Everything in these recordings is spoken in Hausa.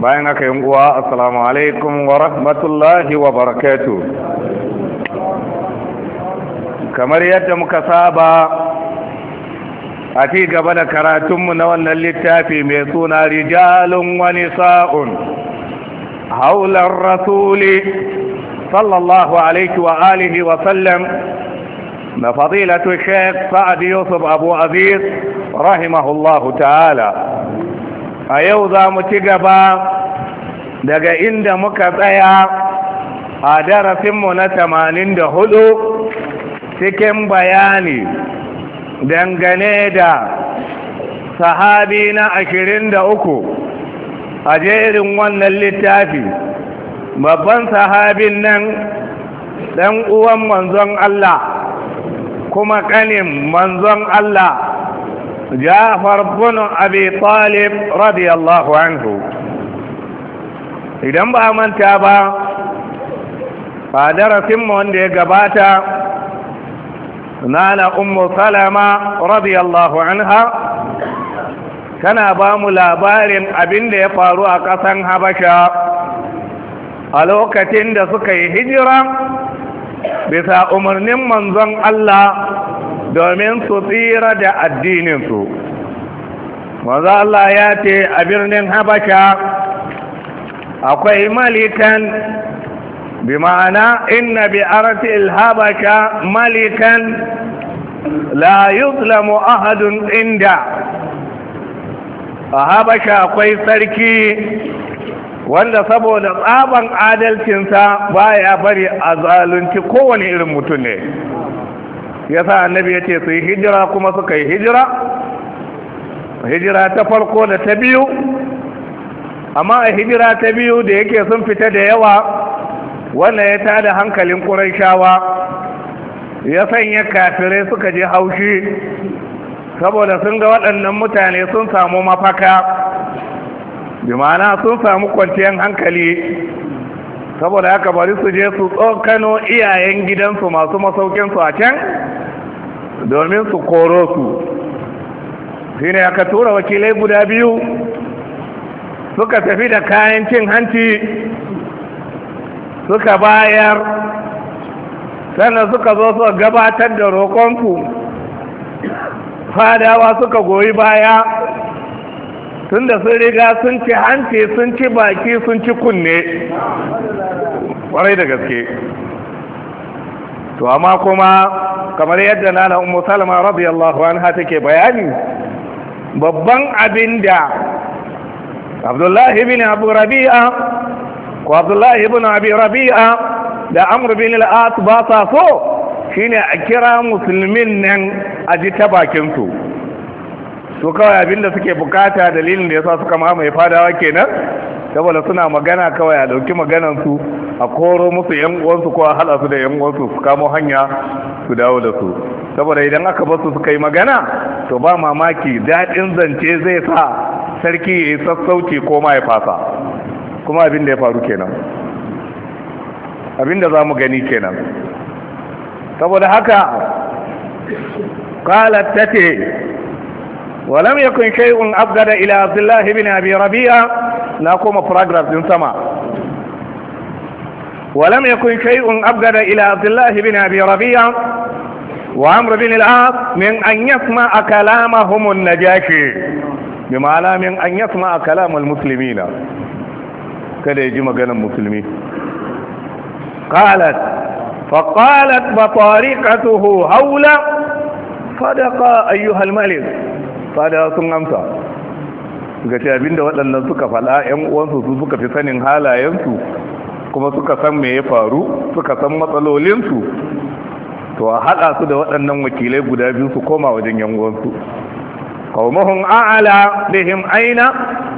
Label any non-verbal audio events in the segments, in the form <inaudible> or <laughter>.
bayan aka yin uwa assalamu alaikum wa rahmatullahi wa barakatu kamar yadda muka saba a ci gaba da karatunmu na wannan littafi mai suna rijalun wani sa'un haular rasuli sallallahu alaihi wa alihi wa sallam na fadilatu sheik sa'ad yusuf abu aziz rahimahullahu ta'ala a yau za mu ci gaba daga inda muka tsaya a darasinmu na tamanin da hudu cikin bayani dangane da sahabi na ashirin da uku a jerin wannan littafi babban sahabin nan ɗan uwan manzon Allah kuma ƙanin manzon Allah ja'far bin abi talib radiyallahu anhu idan ba manta ba a mu wanda ya gabata nana ummu salama radiyallahu anha tana ba mu labarin abin da ya faru a ƙasan habasha a lokacin da suka yi hijira bisa umarnin manzon Allah domin su tsira da addininsu maza Allah ya ce a birnin habasha akwai malikan bi ma'ana inna bi artil habasha malikan la yuzlamu ahadun inda a habasha akwai sarki wanda saboda tsaban adalcinsa baya bari a zalunci kowane irin mutum ne Ya sa annabi ya ce su yi hijira kuma suka yi hijira hijira ta farko da ta biyu amma a hijira ta biyu da yake sun fita da yawa wanda ya tada hankalin ƙuraishawa ya sanya kafirai suka je haushi saboda sun ga waɗannan mutane sun samu mafaka bi ma'ana sun samu kwanciyar hankali saboda haka bari su je su tsokano iyayen gidansu masu masaukinsu a can domin su koro su shi ne aka tura wakilai guda biyu suka tafi da kayan cin hanci suka bayar sannan suka zo su gabatar da roƙonsu fadawa suka goyi baya tun da sun riga sun ci hanci sun ci baki sun ci kunne kwarai da gaske to amma kuma kamar yadda nana ummu salama radiyallahu anha take bayani babban abin da abdullahi bin abu rabi'a ko abdullahi bin abi rabi'a da amr bin al ba sa so shine a kira musulmin nan a ji ta bakinsu. su su kawai abinda suke bukata dalilin da ya sa suka mamaye fadawa kenan saboda suna magana kawai a dauki su a koro musu yan uwansu ko a hada su da yan uwansu su kamo hanya su dawo da su saboda idan aka bar su suka yi magana to ba mamaki daɗin zance zai sa sarki ya yi sassauci ko ma ya fasa kuma abin da ya faru kenan abin da za mu gani kenan saboda haka kalar tace. ولم يكن شيء أبغد إلى عبد الله بن أبي ربيعة نقوم فراغراف din سما ولم يكن شيء أبغد إلى عبد الله بن أبي ربيعة وعمر بن العاص من أن يسمع كلامهم النجاشي بمعنى من أن يسمع كلام المسلمين كده يجي مجال المسلمين قالت فقالت بطريقته هولا صدق أيها الملك Sada sun amsa ga ce abinda waɗannan suka fala ‘yan uwansu su suka fi sanin halayensu kuma suka san me ya faru suka san matsalolinsu to a haɗa su da waɗannan wakilai guda biyu su koma wajen ‘yan uwansu قومهم أعلى بهم أين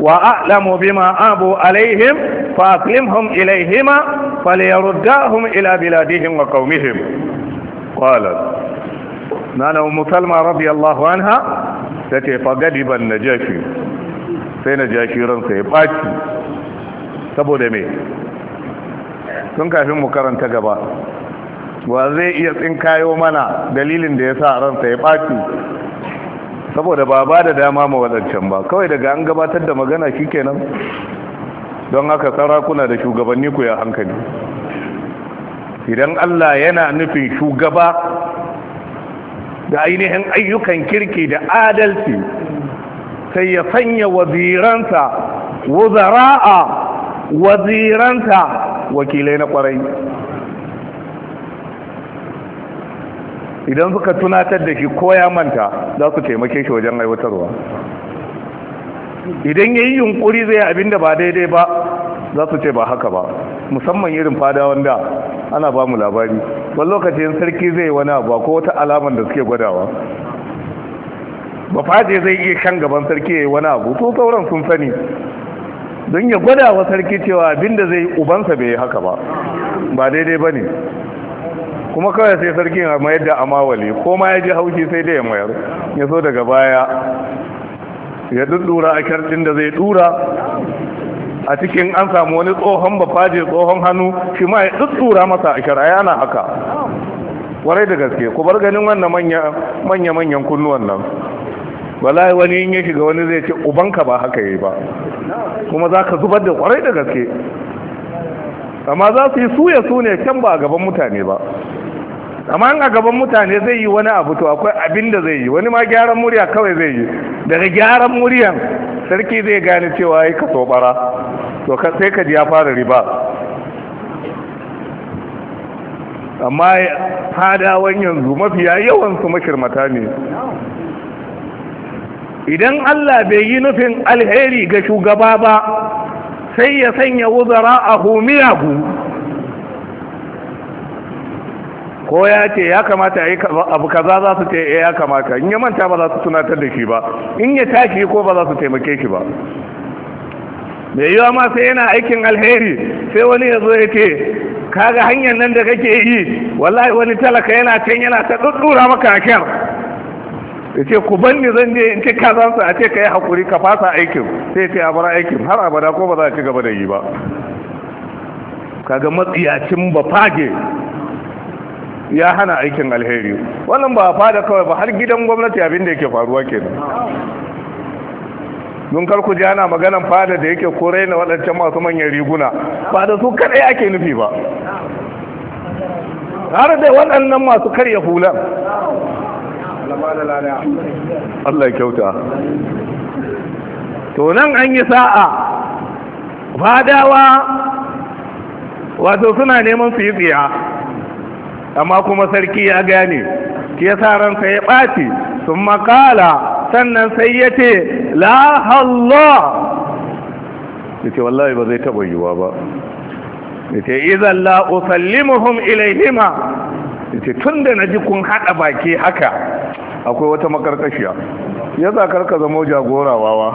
وأعلم abu أبوا عليهم فأسلمهم ilaihima, فليرداهم إلى بلادهم وقومهم قالت نانا أم سلمى رضي الله ta ce fagadiban na jashi sai na jashi ransa ya ɓaci saboda mai sun kafin mu karanta gaba wa zai iya tsinkayo mana dalilin da ya sa ransa ya ɓaci saboda ba ba da dama ma waɗancan ba kawai daga an gabatar da magana shi kenan don haka sarakuna da shugabanni ku ya hankali idan Allah yana nufin shugaba da ainihin ayyukan kirki da adalci sai ya sanya waziransa wuzara'a waziransa wakilai na kwarai idan suka tunatar da shi ko manta za su taimake shi wajen aiwatarwa idan ya yi yunkuri zai abin da ba daidai ba za su ce ba haka ba musamman irin fada wanda ana ba mu labari wani lokacin sarki zai wani abu ko wata alaman da suke gwadawa ba faje zai iya shan gaban sarki ya yi wani abu to sauran sun sani don ya gwadawa sarki cewa abinda zai ubansa bai haka ba ba daidai ba ne kuma kawai sai sarki ya mayar da amawali ko ma ya ji haushi sai dai ya mayar ya so daga baya ya dudura a kyarɗin da zai dura a cikin an samu wani tsohon bafaje tsohon hannu shi ma ya tsura masa a shari'a yana haka warai da gaske ku bar ganin wannan manya manyan kunnuwan nan wallahi wani in ya shiga wani zai ce ubanka ba haka yi ba kuma za ka zubar da kwarai da gaske amma za su yi suya su ne can ba a gaban mutane ba amma a gaban mutane zai yi wani abu to akwai abin da zai yi wani ma gyaran murya kawai zai yi daga gyaran muryan sarki zai gane cewa ya kaso bara to sai ka ya fara riba amma fadawan yanzu mafiya yawan su mashirmata ne idan Allah bai yi nufin alheri ga shugaba ba sai ya sanya wuzara a miyagu ko ya ce ya kamata a yi abu kaza za su ce eh, ya kamata in ya manta ba za su tunatar da shi ba in ya tashi ko ba za su taimake shi ba mai yiwa ma sai yana aikin alheri sai wani ya zo ya ce kaga hanyar nan da kake yi wallahi wani talaka yana can yana ta ɗuɗɗura maka a ya ce ku ban ni zan je in ce ka a ce ka yi hakuri ka fasa aikin sai ya ce a bar aikin har abada ko ba za a ci gaba da yi ba kaga matsiyacin ba fage ya hana aikin alheri wannan ba fada kawai ba har gidan gwamnati abin da yake faruwa ke don Mun ku ji ana maganan fada da yake korai na waɗancan masu manyan riguna ba da su kaɗai ake nufi ba har da waɗannan masu karya hulan Allah kyauta to nan an yi sa'a fadawa wato suna neman su yi tsiya amma kuma sarki ya gane ya sa ransa ya ɓaci sun makala sannan sai ya ce la Allah ya ce wallahi ba zai taɓa yiwa ba ya ce izan la'usallimuhum ilaihima ya ce tun na ji kun haɗa baki haka akwai wata makarkashiya ya za karka zama jagora wawa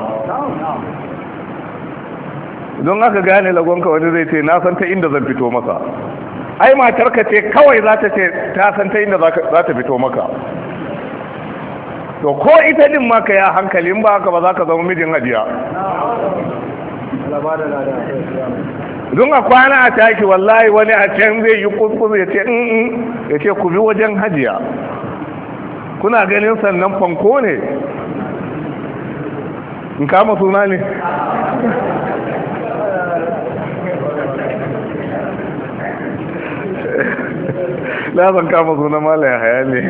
don aka gane lagonka wani zai ce na san ta inda zan fito masa ai matarka ce kawai za ta ce ta san ta inda za ta fito maka to ko ita din maka ya hankali ba haka ba za ka zama mijin hajiya don a kwana a taki wallahi wani a can zai yi kuskus ya ce in mm, mm, ya ce ku bi wajen hajiya kuna ganin sannan fanko ne in kama suna ne na zan kama suna malayan haya ne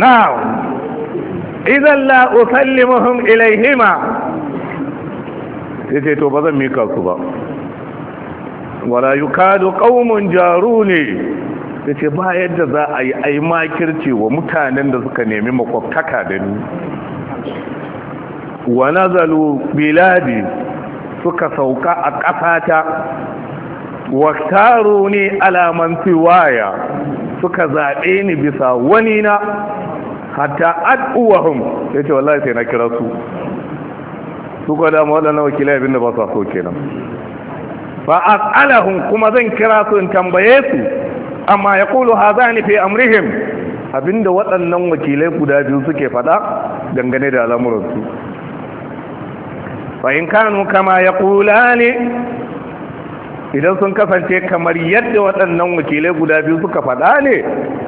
na idan la usallimuhum ilaihima yace to ba zan mika su ba wala yukadu qaumun jaruni yace ba yadda za a yi ai makirci wa mutanen da suka nemi makwabtaka da ni wa nazalu biladi suka sauka a ƙasata waktaru ne alaman waya suka zaɓe ni bisa wani na hatta ad'uwahum ya ce wallahi sai na kira su su kwa waɗannan wakilai abinda ba su so kenan fa kuma zan kira su in tambaye su amma ya kulu ni fi amrihim abinda waɗannan wakilai guda biyu suke faɗa dangane da al'amuransu fa in kanu kama ne. idan sun kasance kamar yadda waɗannan wakilai guda biyu suka faɗa ne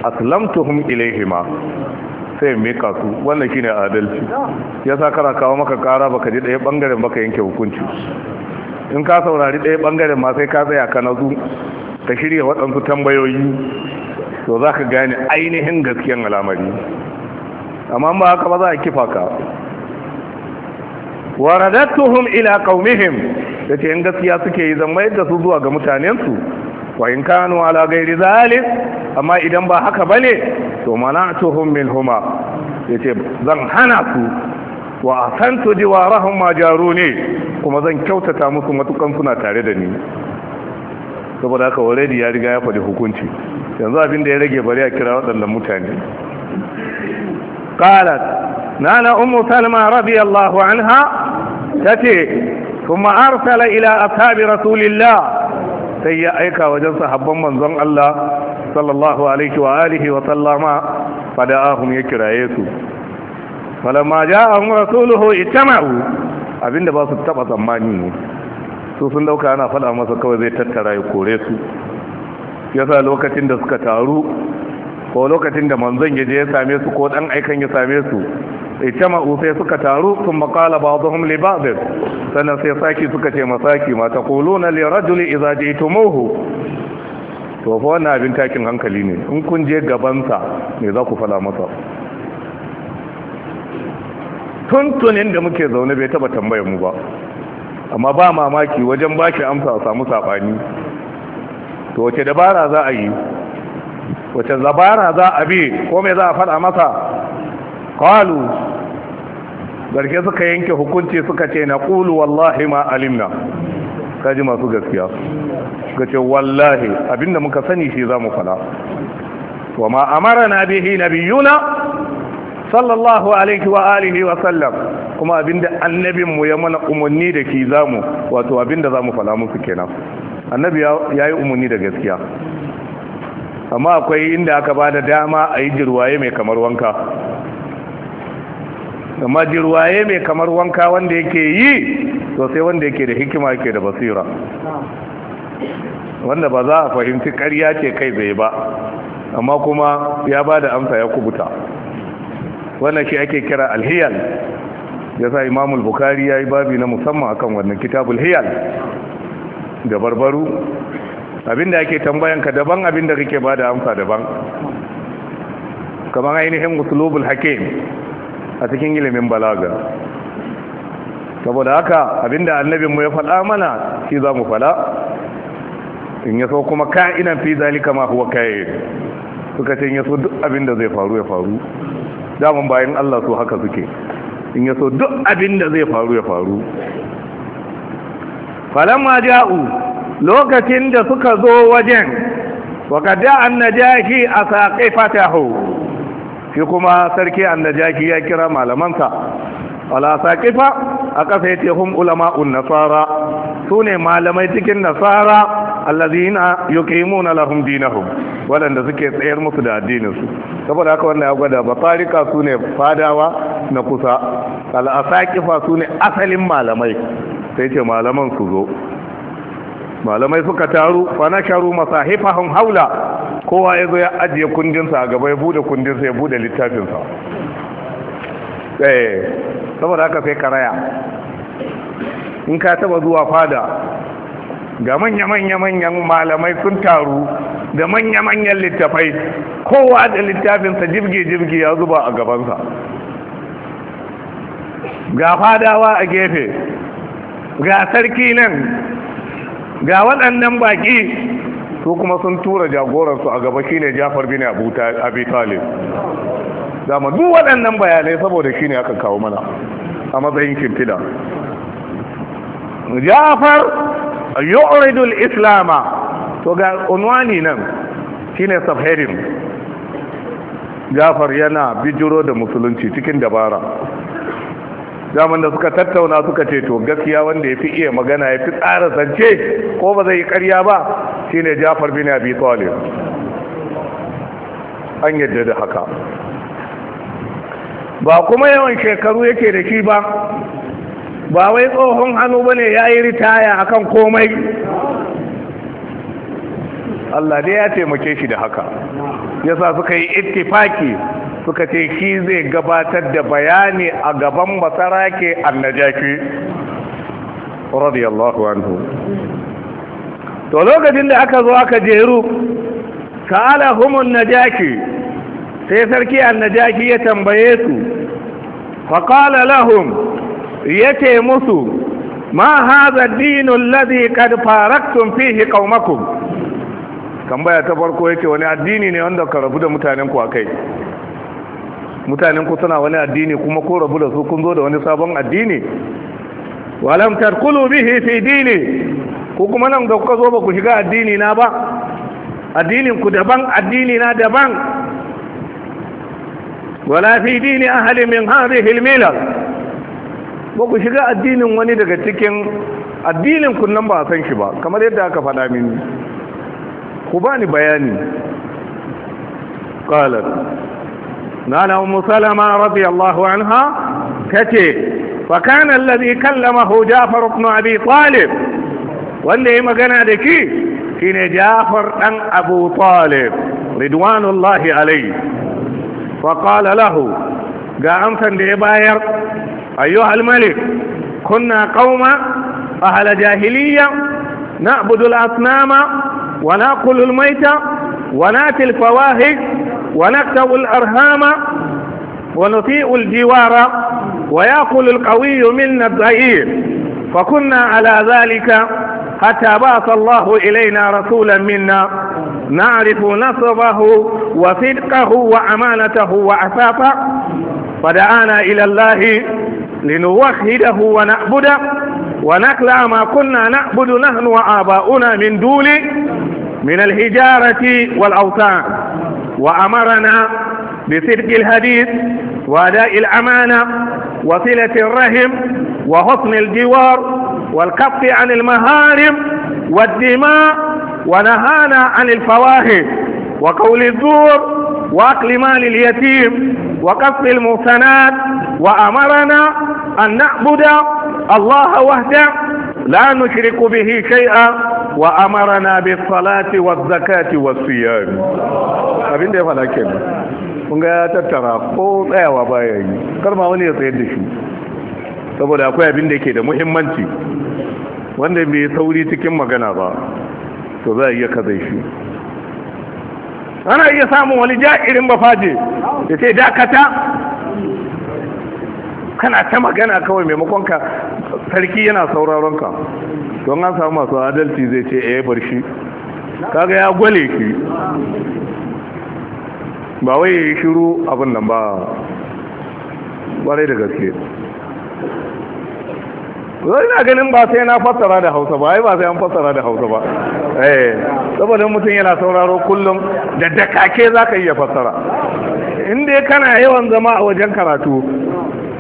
aslamtuhum ilaihima sai mika su wannan shine adalci yasa kana kawo maka kara baka ji ɗaya bangaren baka yanke hukunci in ka saurari ɗaya bangaren ma sai ka tsaya ka nazu ka shirya waɗansu tambayoyi to za ka gane ainihin gaskiyan al'amari amma ba haka ba za a kifa ka waradattuhum ila qaumihim da ce in gaskiya suke yi zan mayar da su zuwa ga mutanensu wa in kanu ala gairi amma idan ba haka bane to mana'tuhum min huma yace zan hana su wa wa jiwarahum ma ne? kuma zan kyautata musu matukan suna tare da ni saboda haka already ya riga ya faɗi hukunci yanzu abin da ya rage bari a kira waɗannan mutane qalat nana ummu salma radiyallahu anha tace kuma arsala ila ashabi rasulillah sai ya aika wajen sahabban manzon Allah sallallahu alaihi wa alihi wa sallama fada'ahum ya kiraye su falamma ja'ahum rasuluhu ittama'u abinda ba su taba tsammani ne su sun dauka ana fada masa kawai zai tattara ya kore su yasa lokacin da suka taru ko lokacin da manzon ya je ya same su ko dan aikan ya same su itama'u sai suka taru sun makala ba zuhun libabin sannan sai saki suka ce masaki mata kuluna lirajuli iza je tumuhu to fa wannan abin takin hankali ne in kun je gabansa me za ku fala masa tuntunin da muke zaune bai taba tambayar mu ba amma ba mamaki wajen baki amsa a samu sabani to wace dabara za a yi wace zabara za a bi ko mai za a faɗa masa kwalu garke suka yanke hukunci suka ce na kulu wallahi ma alimna kaji masu gaskiya suka ce wallahi abinda muka sani shi za mu fada wa ma na bihi na? sallallahu alaihi wa alihi wa sallam kuma abinda annabin mu ya mana umarni da ki zamu wato abinda zamu fada musu kenan annabi ya yi umarni da gaskiya amma akwai inda aka ba da dama a yi jirwaye mai kamar wanka amma jirwaye mai kamar wanka wanda yake yi sosai sai wanda yake da hikima yake da basira wanda ba za a fahimci karya ce kai zai ba amma kuma ya ba da amsa ya kubuta wannan shi ake kira alhiyal ya sa imamul bukari ya yi babi na musamman akan wannan kitabul hiyal da barbaru abinda ake tambayan ka daban abinda kake bada amsa daban kamar ainihin musulubul hakim a cikin ilimin balaga saboda haka abinda annabinmu ya faɗa mana shi za mu faɗa in ya so kuma ka'inan fi zalika ma huwa kai suka ce in ya so duk abinda zai faru ya faru damun bayan Allah so haka suke in ya so duk abinda zai faru ya faru falamma ja'u lokacin da suka zo wajen wakadda annajaki a saƙai fatahu shi kuma sarki annajaki ya kira malamansa ala fa? a ƙasa yace hum ulama'un nasara su ne malamai cikin nasara allazina yuqimuna lahum dinahum waɗanda suke tsayar musu da addininsu saboda haka wanda ya gwada su ne fadawa na kusa al'asaƙifa su ne asalin malamai sai ce malaman su zo malamai suka taru fa nasharu masahifahum haula kowa ya zo ya ajiye kundinsa a gaba ya bude kundinsa ya bude littafinsa eh saboda haka sai karaya in ka taba zuwa fada ga manya-manya-manyan malamai sun taru da manya-manyan littafai kowa da littafinsa jirgi-jirgi ya zuba a gabansa ga fadawa a gefe ga sarki nan ga waɗannan baƙi su kuma sun tura jagoransu a gaba shine jafar bin abu talib dama duk waɗannan bayanai saboda shine aka kawo mana a matsayin shimfiɗa jafar yu'ridul islama to ga unwani nan shine subheading jafar yana bijiro da musulunci cikin dabara zaman da suka tattauna suka ce to gaskiya wanda ya fi iya magana ya fi tsara zance ko ba zai yi karya ba Shi ne jafar bin abi talib an yadda da haka ba kuma yawan shekaru yake da shi ba ba wai tsohon hannu bane ya yi ritaya a kan komai Allah dai ya taimake shi da haka yasa suka yi ittifaki suka ce shi zai gabatar da bayani a gaban masarake annajaki radiyallahu anhu to lokacin da aka zo aka jeru ta'ala humun najaki sai sarki annajaki ya tambaye su faƙala lahum ya ce musu ma haza dinun ladi kad faraktun fihi qaumakum tambaya ta farko ce wani addini ne wanda ka rabu da mutanen ku kai. mutanen ku suna wani addini kuma ko rabu da su kun zo da wani sabon addini walam tadkhulu bihi fi dini ku kuma nan da kuka zo ba ku shiga addini na ba addinin ku daban addini na daban wala fi dini ahli min hadhihi al-milal ba ku shiga addinin wani daga cikin addinin ku nan ba san shi ba kamar yadda aka faɗa mini ku bani bayani qalat قال أم سلمة رضي الله عنها تتي فكان الذي كلمه جعفر بن أبي طالب واللي ما قنا ذكي كين جعفر أن أبو طالب رضوان الله عليه فقال له قام باير أيها الملك كنا قوما أهل جاهلية نعبد الأصنام ونأكل الميت ونأتي الفواهج ونكتب الأرهام ونطيء الجوار ويأكل القوي منا الضعيف فكنا على ذلك حتى بعث الله إلينا رسولا منا نعرف نصبه وصدقه وأمانته وعفافه فدعانا إلى الله لنوحده ونعبده ونخلع ما كنا نعبد نحن وآباؤنا من دون من الحجارة والأوثان وأمرنا بصدق الحديث وأداء الأمانة وصلة الرحم وحسن الجوار والكف عن المهارم والدماء ونهانا عن الفواحش وقول الزور وأكل مال اليتيم وقص المحسنات وأمرنا أن نعبد الله وحده la nushriku bihi shay'a wa amarana bis salati waz zakati was siyam abin da ya fada kenan kun ga ya tattara ko tsayawa baya yi kar ma wani ya tsayar da shi saboda akwai abin da yake da muhimmanci wanda bai sauri cikin magana ba to za a iya kaza shi ana iya samun wani ja'irin bafaje ya ce dakata kana ta magana kawai maimakon ka sarki yana sauraron ka don an samu masu adalci zai ce a eh, bar shi kaga ya gwale ki ba wai ya yi shiru abin nan ba ƙwarai da gaske zai na ganin ba sai na fassara da hausa ba ai ba sai an fassara da hausa ba eh saboda mutum yana sauraro kullum da dakake za ka iya fassara inda kana yawan zama a wajen karatu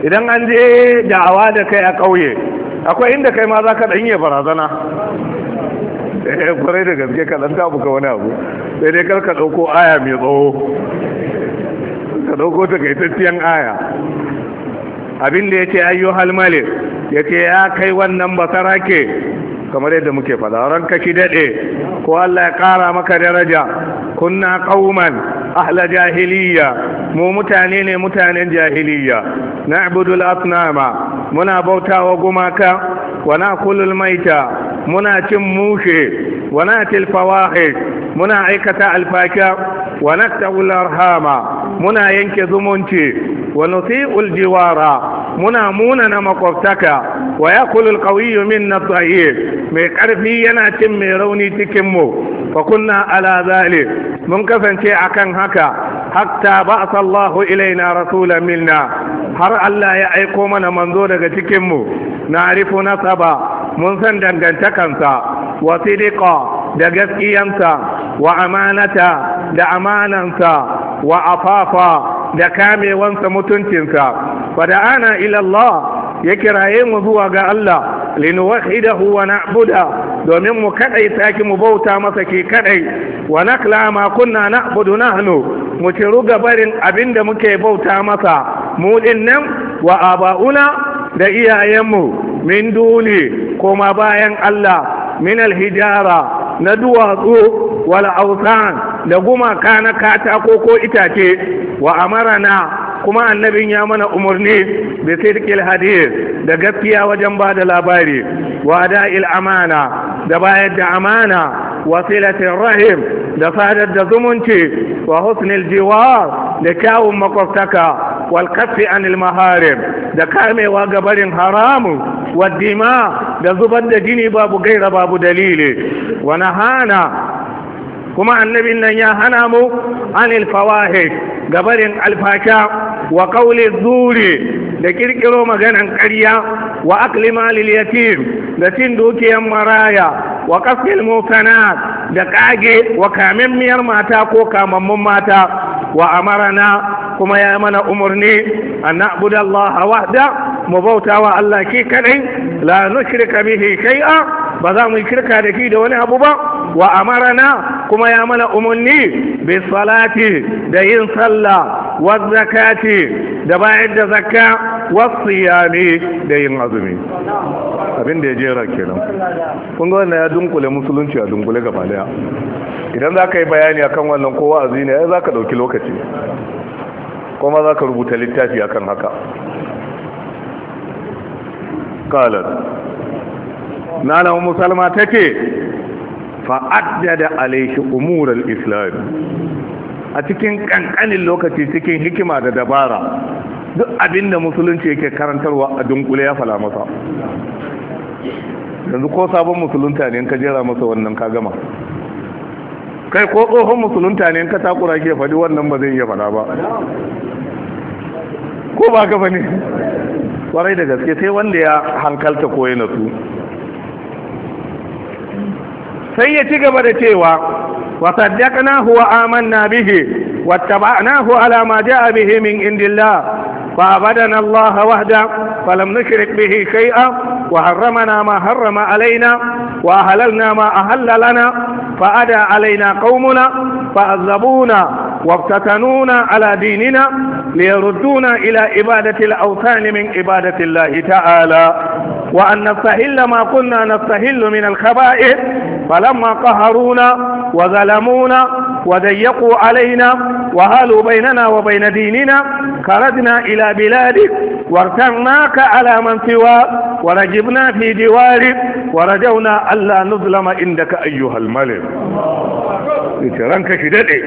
idan an je da'awa da kai a ƙauye akwai inda kai ma za ka ɗanye barazana kwarai eh, da gaske ka ɗan tabu ka wani abu sai dai kar ka ɗauko aya mai tsawo ka ɗauko ta tattiyan aya abin da ya ce ayyu halmale ya ce ya kai wannan basara ke kamar yadda muke fada kaki daɗe ko Allah ya ƙara maka daraja kunna ƙauman ahla jahiliya mu mutane ne mutanen jahiliya na'budul asnama muna bautawa gumaka wa na'kulul maita muna cin mushe wa na'til muna aikata alfaka wa naqta'ul hama. muna yanke zumunci wa nuti'ul jiwara muna Muna na makwabtaka wa yakulul qawiyyu minna dhayyif mai ƙarfi yana cin mai rauni cikinmu. fa kunna ala mun kasance akan haka hatta ba'atha Allahu ilaina rasulan minna har Allah ya aiko mana manzo daga cikin mu na'rifu nasaba mun san dangantakansa wa sidqa da gaskiyansa wa amanata da amanansa wa afafa da kamewansa mutuncinsa fa da'ana ila Allah ya kiraye mu zuwa ga Allah linuwahidahu wa na'buda domin mu kadai saki mu bauta masa ke kadai wa nakla ma kunna na'budu nahnu mu barin gabarin abinda muke bauta masa mu dinnan wa aba'una da iyayenmu min duni koma bayan Allah min alhijara na duwatsu wal awsan da gumaka na katako ko itace wa amarana kuma annabin ya mana umarni da sirkil hadis da gaskiya wajen ba da labari wa amana da bayar da amana wasilatin rahim da sadar da zumunci wa husnil jiwar da kyawun makwabtaka والكف عن المهارم da kamewa ga barin haramun dima da zubar da jini babu gaira babu dalili wa nahana kuma annabin nan ya hana mu anil fawahish gabarin alfasha wa qawli zuri da kirkiro maganan karya wa akli yatim da cin dukiyan maraya wa qasfil mukanat da kage wa kamammiyar mata ko kamammun mata wa amarana kuma ya mana umarni an na'budu Allah wahda mu bauta wa Allah ki kadai la nushrika bihi shay'a ba za mu shirka da shi da wani abu ba wa amarana kuma ya mana umarni bi salati da yin sallah wa zakati da bayar da zakka wa siyami da yin azumi abin da ya jera kenan kun ga ya dunkule musulunci a dunkule gaba daya idan za ka yi bayani akan wannan kowa azumi ne za ka ɗauki lokaci kuma za ka rubuta littafi akan haka قالت نانا musalma تكي fa'addada alaihi umurar islam a cikin kankanin lokaci cikin hikima da dabara duk abinda musulunci yake karantarwa a dunkule ya fala masa yanzu ko sabon musulunta ne ka jera masa wannan ka gama kai ko tsohon musulunta ne ka takura ke faɗi wannan ba zai iya faɗa ba ko ba ka ne kwarai da gaske sai wanda ya hankalta koyi na su sai ya ci gaba da cewa wa saddaqna huwa amanna bihi wa tabanahu ala ma jaa bihi min indillah fa abadana Allah wahda fa lam nushrik bihi shay'a wa harramana ma alaina wa halalna ma ahalla lana fa alaina kaumuna, fa azabuna wa ftatanuna ila ibadatil ليردونا إلى إبادة الأوثان من إبادة الله تعالى وأن نستهل ما كنا نستهل فلما قهرونا وظلمونا وضيقوا علينا وهالوا بيننا وبين ديننا خرجنا إلى بلادك وارتعناك على من سواك ورجبنا في جوارك ورجونا ألا نظلم عندك أيها الملك ranka shi daɗe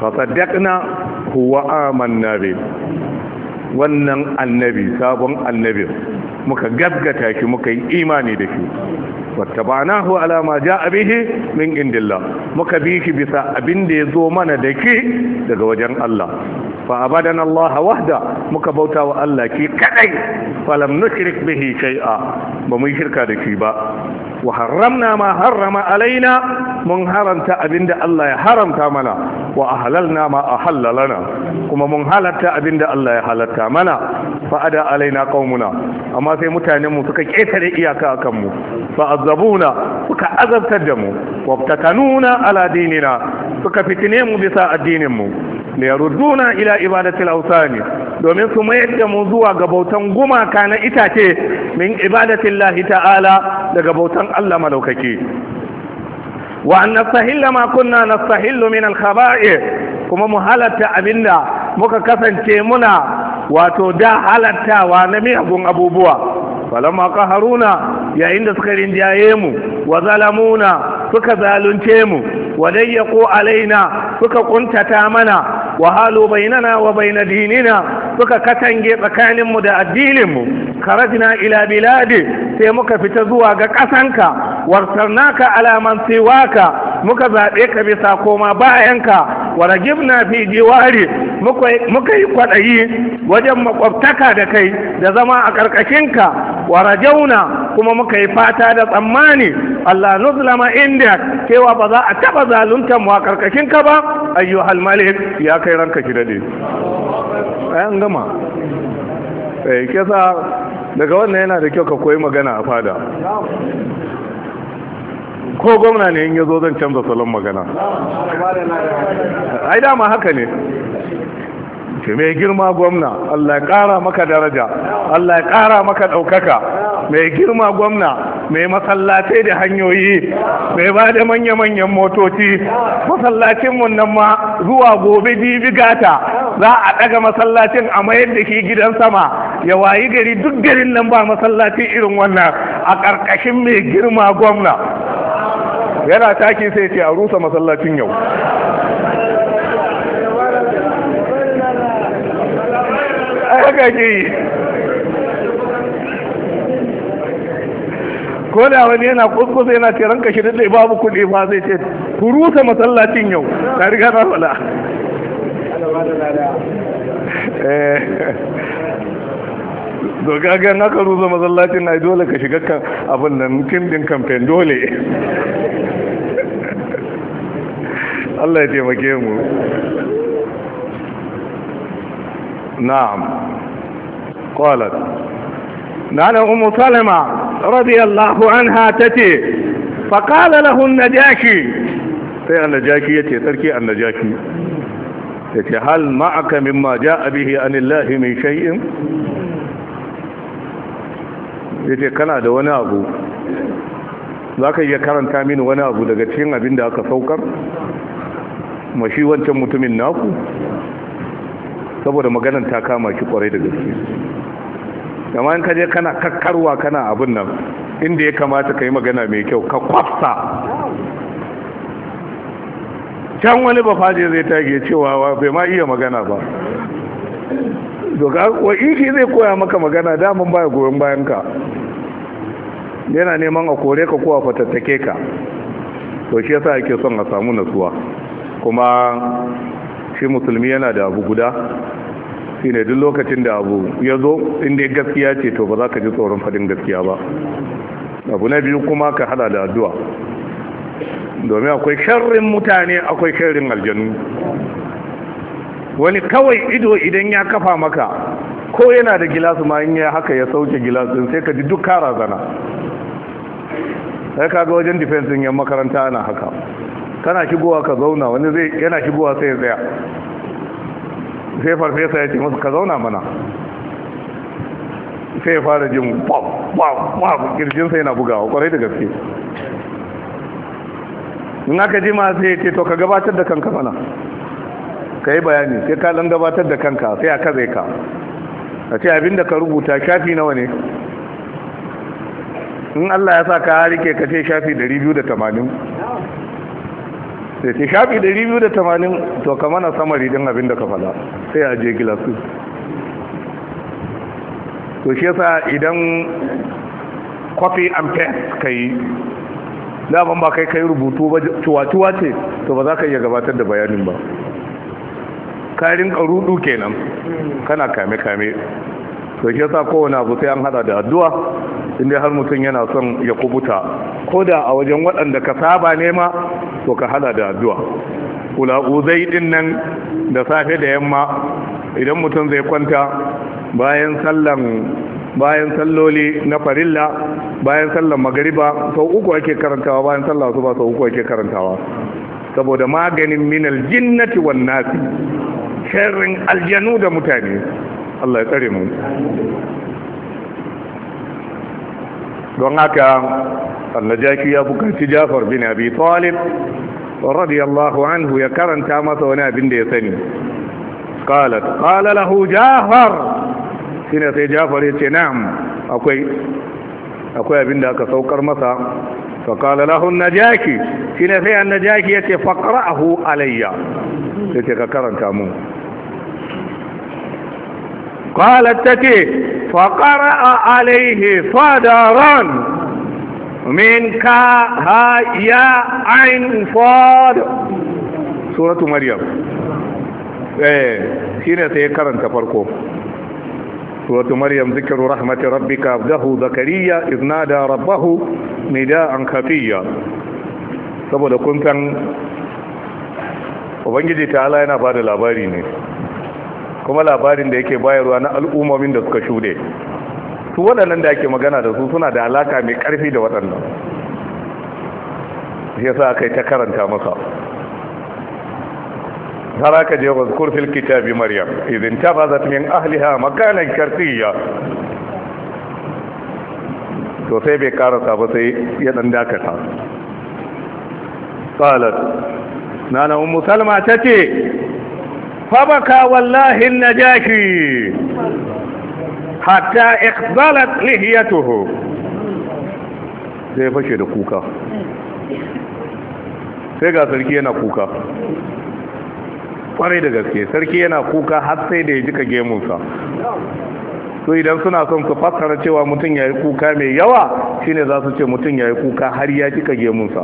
fasaddaƙna huwa amanna bi wannan annabi sabon annabin muka gaggata shi muka yi imani da shi wattabanahu ala ma ja'a bihi min indillah muka bi ki bisa abin da yazo mana dake daga wajen Allah fa abadana Allah wahda muka bauta wa Allah ki kadai falam nushrik bihi shay'a ba mu shirka da shi ba wa harramna ma harrama alaina mun haramta abinda Allah ya haramta mana wa ahlalna ma ahallalana kuma mun halarta abinda Allah ya halatta mana fa ada alaina qaumuna amma sai mutanen mu suka ketare iyaka akan mu fa azabuna suka azabtar da mu wa takanuna ala dinina suka ne mu bisa addinin mu da yarudduna ila ibadatil ne domin su mayar da mu zuwa ga bautan gumaka na itace min ibadatillahi ta'ala daga bautan Allah madaukaki wa an nastahilla ma kunna nastahillu min al-khaba'i kuma mu halatta abinda muka kasance muna wato da halattawa na miyagun abubuwa falamma qaharuna yayin da suka rinjaye mu wa zalamuna suka zalunce mu wa dayyaqu alaina suka kuntata mana wa halu bainana wa baina dinina suka katange tsakanin mu da addininmu karajna ila biladi sai muka fita zuwa ga kasanka wartarnaka ala man siwaka muka zaɓe ka bisa koma bayanka wa ragibna fi jiwari muka yi kwaɗayi wajen makwabtaka da kai da zama a ƙarƙashinka wa rajauna kuma muka yi fata da tsammani Allah nuzlama inda cewa ba za a taɓa zaluntar mu a ƙarƙashinka ba ayyuhal malik ya kai ranka ki dade an gama eh kesa daga wannan yana da kyau ka koyi magana a fada ko gwamna ne in yazo zan canza salon magana ai dama haka ne ke mai girma gwamna Allah ya kara maka daraja Allah ya kara maka daukaka mai girma gwamna mai masallatai da hanyoyi mai ba da manya-manyan motoci masallacinmu nan ma zuwa gobe jibi gata za a ɗaga masallacin a mayar da shi gidan sama ya wayi gari duk garin nan ba masallaci irin wannan a ƙarƙashin mai girma gwamna yana taki sai ce a rusa masallacin yau haka ko da wani yana kuskus yana ce ranka shi dai babu kuɗi ba zai ce ku rusa masallacin yau ta riga na faɗa eh. to na ka rusa masallacin na dole ka shiga kan abin nan kin din kamfen dole Allah ya taimake mu na'am qalat nana ummu salama radiyallahu anha tace fa qala lahu an-najashi sai an-najashi yace sarki an-najashi yace hal ma'aka mimma ja'a bihi anillahi min shay'in yace kana da wani abu zaka iya karanta mini wani abu daga cikin abin da aka saukar mashi wancan mutumin naku saboda maganar ta kama ki kwarai da gaske kamar ka je kana kakkarwa kana abin nan inda ya kamata ka yi magana mai kyau ka kwafsa can wani ba faje zai tage cewa bai ma iya magana ba doka wa shi zai koya maka magana daman baya goyon bayan ka yana neman a kore ka ko fatattake ka to shi yasa ake son a samu nasuwa kuma shi musulmi yana da abu guda shine duk lokacin da abu ya zo inda ya gaskiya ce to ba za ka ji tsoron fadin gaskiya ba abu na biyu kuma ka hada da addu'a domin akwai sharrin mutane akwai sharrin aljanu wani kawai ido idan ya kafa maka ko yana da gilasu ma in ya haka ya sauke gilasun sai ka ji duk kara zana sai kaga wajen defensin yan makaranta ana haka kana shigowa ka zauna wani zai yana shigowa sai ya tsaya sai farfesa ya ce masu ka zauna mana sai ya fara jin pop kirjinsa yana bugawa kwarai da gaske in aka ji masu ya ce ka gabatar da kanka mana ka yi bayani sai ka dan gabatar da kanka sai a kaze ka a ce abinda ka rubuta shafi nawa ne in Allah ya sa ka harike ka ce shafi sai ce shafi 280 to ka mana samari din abin da ka fada sai a je gilasu to shi yasa idan kwafi an paste ka yi daban ba kai kai rubutu ba cuwa-cuwa ce to ba za ka iya gabatar da bayanin ba karin karudu kenan kana kame-kame to shi sa kowane abu sai an hada da addu'a inda har mutum yana son ya kubuta ko da a wajen waɗanda ka saba nema to ka hada da addu'a kula uzai din nan da safe da yamma idan mutum zai kwanta bayan sallan bayan salloli na farilla bayan sallan magariba sau uku ake karantawa bayan sallah su ba sau uku ake karantawa saboda maganin minal jinnati wan nasi sharrin aljanu da mutane Allah ya tsare mu don haka annajaki ya bukaci Jafar bin Abi Talib radiyallahu anhu ya karanta masa wani abin da ya sani qalat qala lahu Jafar shine sai Jafar ya ce na'am akwai akwai abin da aka saukar masa فقال له النجاكي شنو في النجاكي يتي فقرأه علي ka karanta مو قالت تكي فقرأ عليه صدرا من كا ها يا عين صاد سورة مريم ايه شنو سيكرن تفرقوا سورة مريم ذكر رحمة ربك عبده زكريا إذ نادى ربه نداء خفيا saboda kun san ubangiji ta ala yana ba da labari ne kuma labarin da yake bayarwa na al'ummomin da suka shuɗe su waɗannan da ake magana da su suna da alaka mai ƙarfi da waɗannan ya sa aka yi ta karanta masa har aka je wazkur fil kitabi maryam idin tafazat min ahliha makanan karfiya to sai bai karasa ba sai ya dan dakata qalat nana ummu salma tace فبكى والله النجاشي حتى اقبلت لحيته sai fashe da kuka sai ga sarki yana kuka kwarai da gaske sarki yana kuka har sai da ya jika gemunsa to idan suna son su fassara cewa mutum ya yi kuka mai yawa shine za su ce mutum ya yi kuka har ya jika gemunsa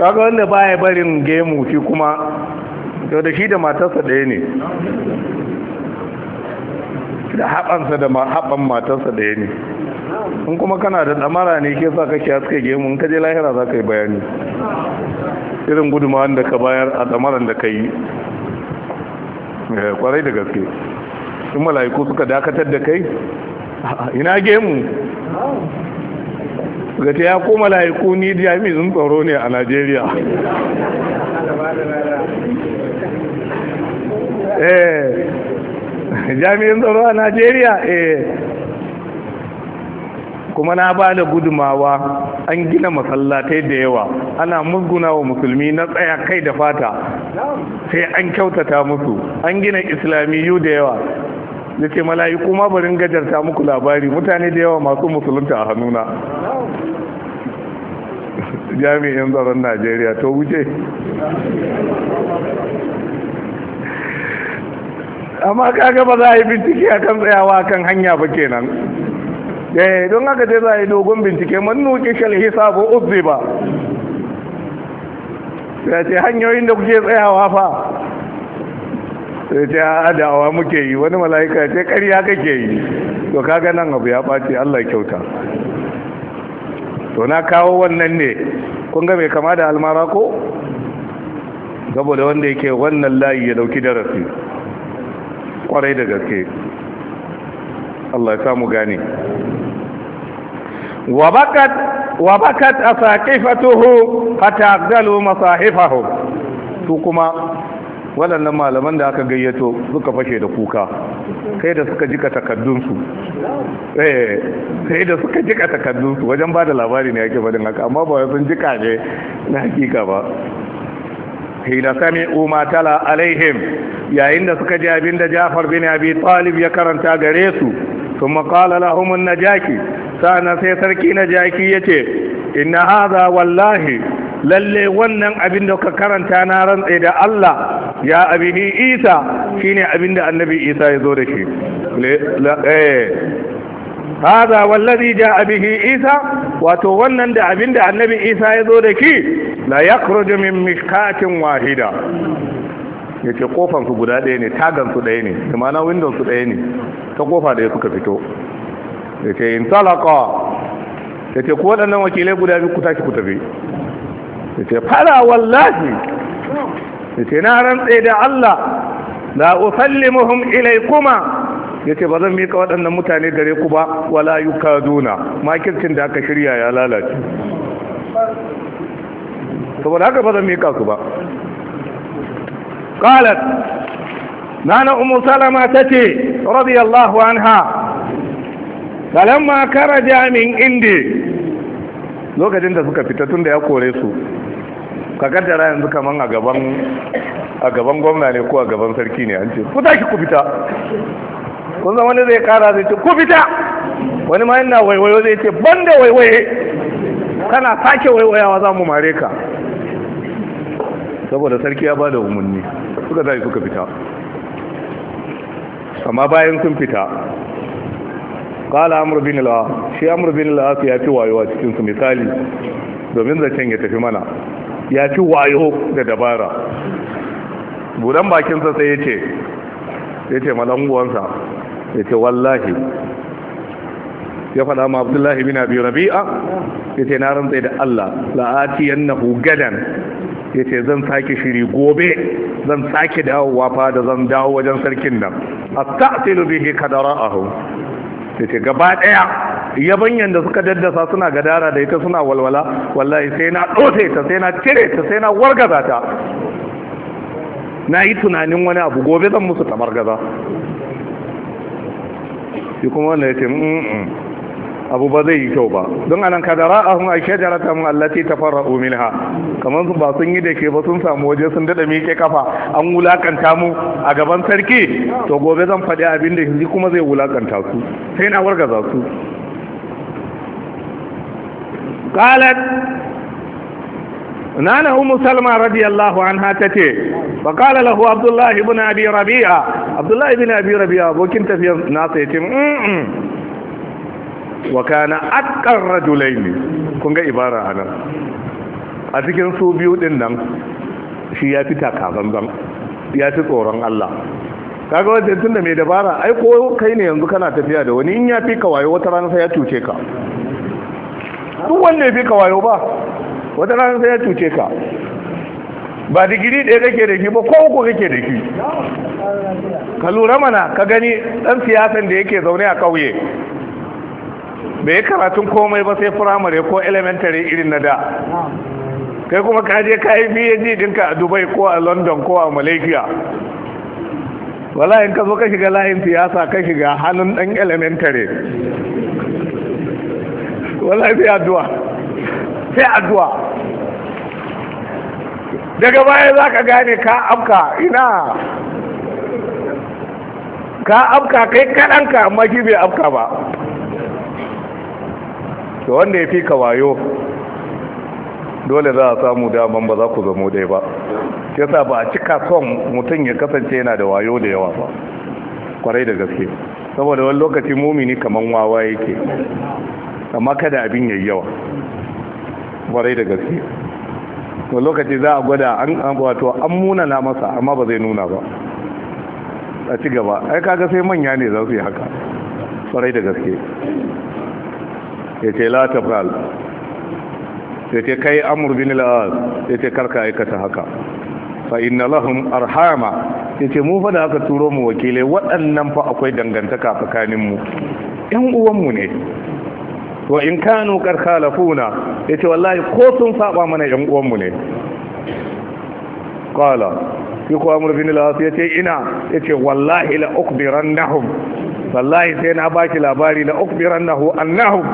kaga wanda baya barin gemu shi kuma yau da shi da matarsa ɗaya ne da haɓansa da haɓan matarsa ɗaya ne in kuma kana da ɗamara ne ke sa kake haska gemu in kaje lahira za ka yi bayani irin gudunmawar da ka bayar a ɗamaran da ka yi kwarai eh, da gaske in mala'iku suka dakatar da kai ina gemu ga ta ya ko layiku ni jami'in tsaro ne a najeriya Eh. jami'in tsaro a najeriya eh. kuma na ba da gudumawa an gina masallatai da yawa ana musguna wa musulmi na tsaya kai da fata sai an kyautata musu an gina islamiyu da yawa da ce mala'iku ma barin gajarta muku labari mutane da yawa masu musulunta a hannuna <laughs> jami'in tsaron najeriya to wuce amma kaga ba za a yi bincike a kan tsayawa kan hanya ba kenan eh don haka dai za a yi dogon bincike mannu kishal hisabu uzzi ba ya ce hanyoyin da kuke tsayawa fa sai ce a da'awa muke yi wani mala'ika ce ƙarya kake yi to kaga nan abu ya ɓaci Allah kyauta to na kawo wannan ne kun ga mai kama da almara ko saboda wanda yake wannan layi ya dauki darasi kwarai da gaske Allah ya samu gane wa bakat wa bakat asaqifatuhu hatta masahifahu to kuma waɗannan malaman da aka gayyato suka fashe da kuka sai da suka jika takaddunsu sai eh, da suka jika takaddunsu wajen bada labari ne ake faɗin haka amma ba sun jika ne na hakika ba hina sami ma alaihim yayin da suka ji abin da Ja'far bin Abi Talib ya karanta gare su thumma qala lahum na jaki. sa'ana sai sarki na jaki najaki yace inna hadha wallahi lalle wannan abin da ka karanta na rantsa da Allah ya abihi Isa shine abin da Annabi Isa ya zo da shi eh. hada wallazi ja bihi isa wato wannan da abinda annabi isa ya zo da shi? la yakhruju min mishkatin wahida yace kofan su guda ɗaya ne tagan su ɗaya ne kuma na windows su ɗaya ne ta kofa ɗaya suka fito yace in talaqa yace ko waɗannan wakilai guda biyu ku tashi ku tafi yace fara wallahi yace na rantsa da Allah la usallimuhum ilaykuma yace ba zan mika waɗannan mutane gare ku ba wala yukaduna makircin da aka shirya ya lalace saboda haka ba zan mika su ba qalat nana ummu salama tace radiyallahu anha falamma karaja min indi lokacin da suka fita tun da ya kore su ka kaddara yanzu kaman a gaban a gaban gwamna ne ko a gaban sarki ne an ce ku tashi ku fita kun zama wani zai kara zai ce ku fita wani ma yana waiwayo zai ce ban da waiwaye kana sake waiwayawa za mu mare ka saboda sarki ya bada umarni suka zai suka fita amma bayan sun fita kala amur bin la'a shi amur bin la'a ya fi wayo cikinsu misali domin zancen ya tafi mana ya fi wayo da dabara budan bakinsa sai ya ce ya ce malanguwansa ya ce wallahi ya faɗa ma abdullahi bin abi rabi'a ya ce na rantsai da allah la'ati yannahu gadan ya ce zan sake shiri gobe zan sake dawowa da zan dawo wajen sarkin nan a ta'asilu bihi kadara'ahu ya ce gaba daya yabanyan da suka daddasa suna gadara da ita suna walwala wallahi sai na ɗote ta sai na cire ta sai na wargaza ta na yi tunanin wani abu gobe zan musu tabar gaza shi kuma wanda ya ce abu ba zai yi kyau ba don anan kadara a hun a shajarata mun allati ta fara ha kamar ba sun yi da ke ba sun samu waje sun dada miƙe kafa an wulakanta mu a gaban sarki to gobe zan faɗi abin da shi kuma zai wulakanta su sai na wargaza su Na نانا أم radiyallahu an الله عنها تتي فقال lahu عبد الله abi rabi'a ربيعة عبد abi rabi'a أبي ربيعة nasa في wa kana atqar rajulain kun ga ibara anan a cikin su biyu din nan shi ya fi takazanzan ya fi tsoron Allah kaga wajen tunda mai dabara ai ko kai ne yanzu kana tafiya da wani in ya fi kawayo wata rana sai ya cuce ka duk wanda ya fi kawayo ba wata rana sai ya cuce ka ba digiri ɗaya kake da shi ba ko uku kake da shi ka lura mana ka gani ɗan siyasan da yake zaune a ƙauye bai yi karatun komai ba sai firamare ko elementary irin na da kai kuma ka je ka yi bnd dinka a dubai ko a london ko a malaysia wala in ka zo ka shiga layin siyasa ka shiga hannun dan elementary wala sai addu'a sai addu'a daga baya za ka gane ka afka ina ka afka kai kaɗanka amma shi bai afka ba to wanda ya fi ka wayo dole za a samu daman ba za ku zamo ɗaya ba Ya sa ba a cika son mutum ya kasance yana da wayo da yawa ba kwarai da gaske saboda wani lokaci mumini kaman wawa yake amma kada abin yi yawa kwarai da gaske wani lokaci za a gwada an wato an munana masa amma ba zai nuna ba a ci gaba ai kaga sai manya ne za su yi haka kwarai da gaske ya ce la tafal ya ce kai amur bin al'az ya ce karka aikata haka fa inna lahum arhama ya ce mu fa da aka turo mu wakilai waɗannan fa akwai dangantaka tsakaninmu ‘yan uwanmu ne wa in kanu karkalafuna ya ce wallahi ko sun saba mana ‘yan uwanmu ne kala shi ko amur bin ya ce ina ya ce wallahi la ukbiran nahum wallahi sai na baki labari la ukbiran nahu annahum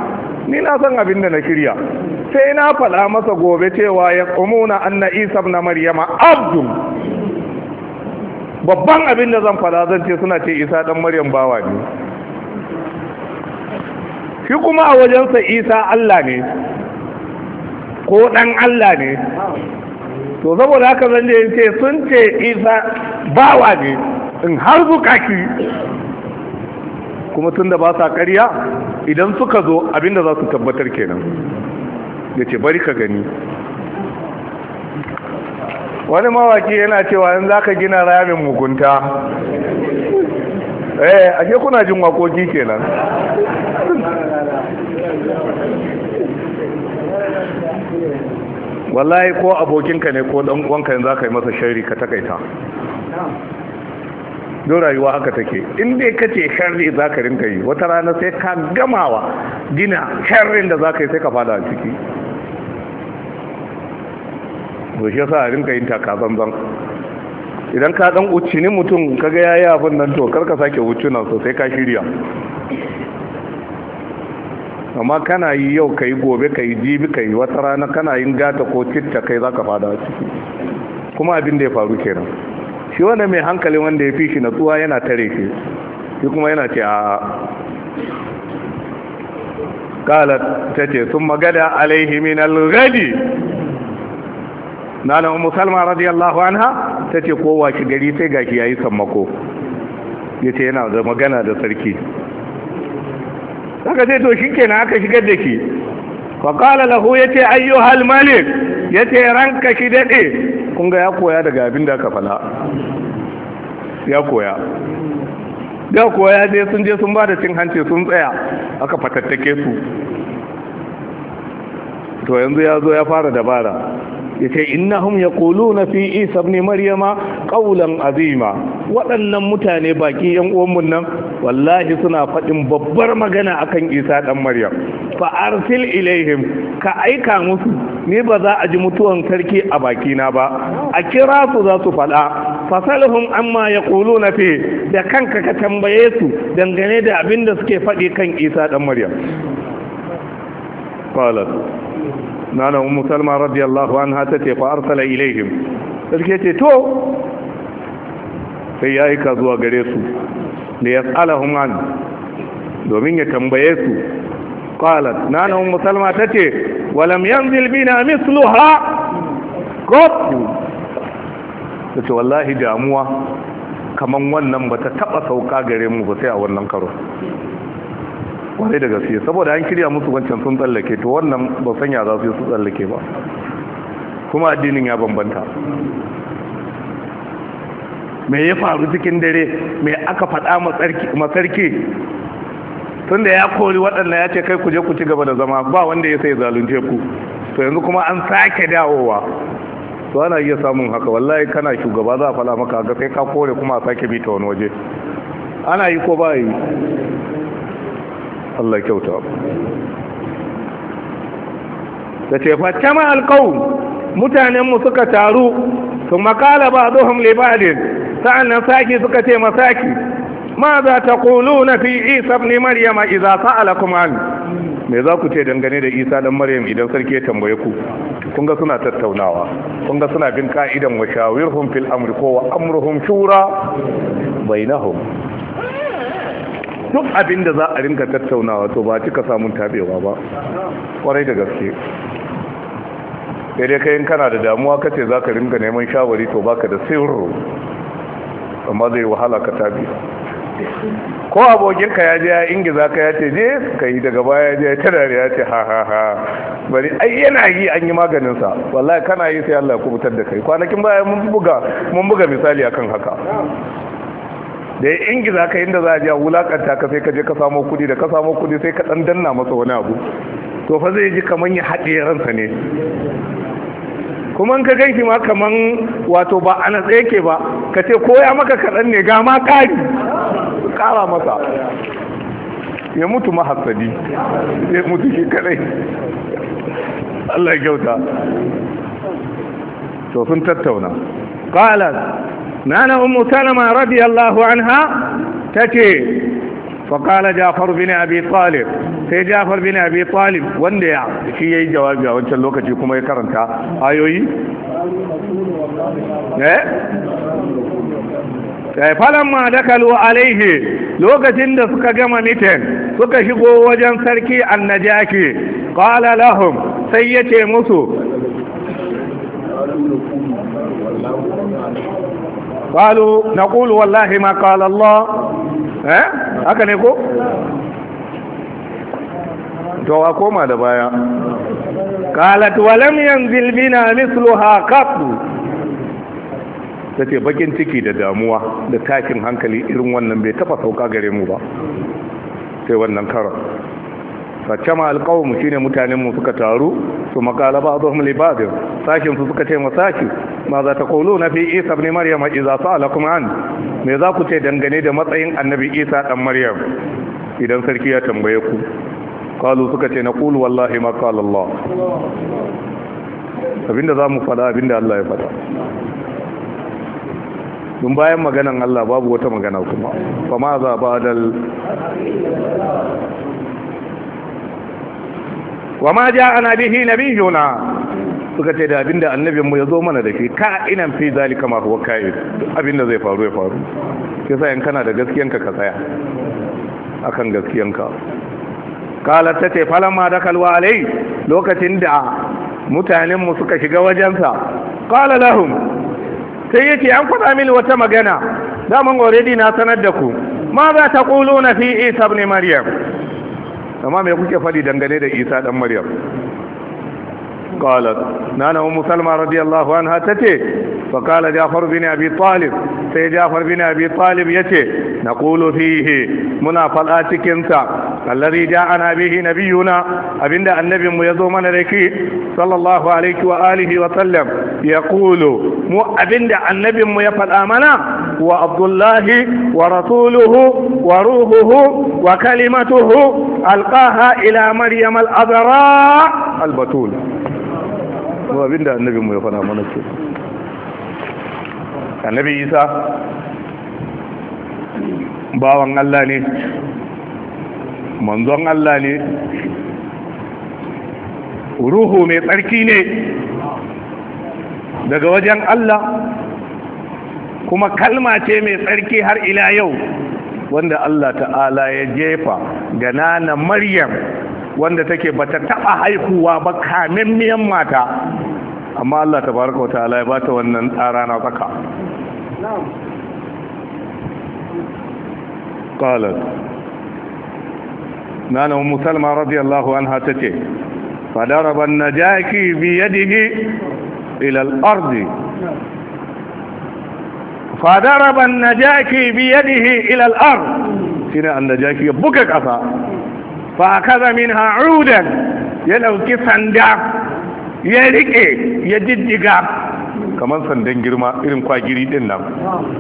ni na san abin da na shirya sai na faɗa masa gobe cewa ya umuna anna isa na maryama abdun babban abin da zan faɗa zan ce suna ce isa dan maryam bawa ne shi kuma a wajensa isa allah ne ko dan allah ne to saboda haka zan je ce sun ce isa bawa ne in har zukaki kuma tun da ba sa ƙarya idan suka zo abinda za su tabbatar kenan ya ce bari ka gani wani mawaki yana cewa yanzu za ka gina ramin mugunta <laughs> eh ake kuna jin wakoki kenan <laughs> wallahi ko abokinka ne ko dan uwanka yanzu za ka yi masa shari ka takaita don rayuwa haka take in dai ka ce sharri za ka rinka yi wata rana sai ka gamawa gina sharrin da za ka yi sai ka fada a ciki ba shi yasa a rinka yin taka zanzan idan ka dan ni mutum kaga yayi abin nan to karka sake uccina nan sosai ka shirya amma kana yi yau kai gobe kai jibi kai wata rana kana yin gata ko citta kai za ka fada a ciki kuma abin da ya faru kenan shi wanda mai hankali wanda ya fi shi na tsuwa yana tare shi shi kuma yana ce a Kala ta ce sun magada alaihi min al-gadi na nan salma radiyallahu anha ta ce kowa shi gari sai gashi yayi sammako ya ce yana da magana da sarki saka sai to shi kenan aka shigar da ki faƙala lahu ya ce ayyuhal malik ya ce ranka shi daɗe Kunga ya koya daga abin da aka fala ya koya ya koya ya je sun je sun ba da cin hanci sun tsaya aka fatattake su to yanzu ya zo ya fara dabara yace innahum yaquluna fi isa ne maryama qawlan azima waɗannan mutane baƙi yan uwan nan wallahi suna faɗin babbar magana akan isa ɗan maryam fa arsil ilaihim ka aika musu ni ba za a ji mutuwan sarki a na ba a kira su za su faɗa fasalhum amma yaquluna fi da kanka ka tambaye su dangane da abin da suke faɗi kan isa ɗan maryam nana umu salma radiyallahu anha tace fa arsala ilaihim sarki ce to sai ya aika zuwa gare su da tsala an domin ya tambaye su qalat nana umu salma ce walam yanzil bina mithluha qattu tace wallahi damuwa kamar wannan bata taba sauka gare mu ba sai a wannan karo kwarai da gaske saboda an kirya musu wancan sun tsallake to wannan ba sanya za su yi su tsallake ba kuma addinin ya bambanta me ya faru cikin dare me aka faɗa masarki tun da ya kori waɗanda ya ce kai ku je ku ci gaba da zama ba wanda ya sai zalunce ku to yanzu kuma an sake dawowa to ana iya samun haka wallahi kana shugaba za a fala maka ga sai ka kore kuma a sake bi ta wani waje ana yi ko ba yi Allah kyauta da ce fattama mutanenmu suka taru su makala ba zuhun libadin nan saki suka ce masaki ma za ta kulu na fi isa ne maryama iza sa'ala kuma me za ku ce dangane da isa dan maryam idan sarki ya tambaye ku kun ga suna tattaunawa kun ga suna bin ka'idan wa shawirhum fil amri ko wa shura bainahum duk abin da za a rinka tattaunawa to ba cika samun tabewa ba kwarai da gaske daidai kayan kana da damuwa kace za ka rinka neman shawari to baka da sirru amma zai wahala ka tabi ko abokinka ya je ya za ka ya ce je ka yi daga baya je ta dare ya ce ha ha ha bari ai yana yi an yi maganinsa. sa wallahi kana yi sai Allah ya kubutar da kai kwanakin baya mun buga mun buga misali akan haka da ya ingiza ka inda za a ji a wulakanta ka sai ka je ka samo kudi da ka samo kudi sai ka dan danna masa wani abu to fa zai ji kamar ya haɗe ransa ne kuma ka gan shi ma kamar wato ba ana tsaye ke ba ka ce koya maka kaɗan ne ga ma ƙari ƙara masa ya mutu mahasadi Ya mutu shi kaɗai Allah ya kyauta to sun tattauna قالت nana ummu salama radiyallahu anha tace fa qala jafar bin abi talib sai jafar bin abi talib wanda ya shi yayi jawabi a wancan lokaci kuma ya karanta ayoyi eh falamma dakalu alaihi lokacin da suka gama mitin suka shigo wajen sarki annajaki qala lahum sai yace musu na Kulu wallahi ma qala Allah eh haka ne ko to wa koma da baya qalat wa lam na bina misluha qattu ta ce bakin ciki da damuwa da takin hankali irin wannan bai taɓa sauka gare mu ba sai wannan karar fattama alqawm shine mutanen mu suka taru su makala ba'dhum li ba'd sakin su suka ce masaki ma za ta na fi isa ibn maryam idza sa'alakum an me za ku ce dangane da matsayin annabi isa dan maryam idan sarki ya tambaye ku qalu suka ce na naqulu wallahi ma qala allah abinda za mu faɗa abinda Allah ya faɗa dun bayan maganan Allah babu wata magana kuma fama za ba dal wa ma ja ana bihi nabiyuna suka ce da abinda annabinmu ya zo mana da shi ka ina fi zalika ma huwa kai abinda zai faru ya faru yasa in kana da gaskiyanka ka tsaya akan gaskiyanka kalar ta ce ma da kalwa alai lokacin da mutanenmu suka shiga wajensa kala lahum sai ya ce an kwada mini wata magana mun already na sanar da ku ma za ta ƙulo na fi isa ibn maryam amma me kuke faɗi dangane da isa dan maryam Na nana ummu salma radiyallahu anha tace fa qala jafar bin abi sai jafar bin abi talib yace naqulu fihi muna fada cikin sa alladhi ja'ana bihi nabiyuna abinda annabin yazo mana da shi sallallahu alaihi wa wa sallam yaqulu mu abinda annabin mu ya fada mana wa abdullahi wa rasuluhu wa ruhuhu wa kalimatuhu alqaha ila maryam al-adra mu abinda annabi mu ya fara mana ke annabi isa bawan Allah ne manzon Allah ne ruhu mai tsarki ne daga wajen Allah kuma kalma ce mai tsarki har ila yau wanda Allah ta'ala ya jefa ga nana Maryam wanda take bata taba haihuwa ba kamin miyan mata amma Allah tabaraka wa ta'ala ya bata wannan tsara na saka. qalat nana ummu salma radiyallahu anha tace fadaraba an-najaki bi yadihi ila al-ard fadaraba an-najaki bi yadihi ila al-ard shine an-najaki buga kasa fa kaza min ha'udan ya ɗauki sanda ya riƙe ya diddiga kamar sandan girma irin kwagiri ɗin nan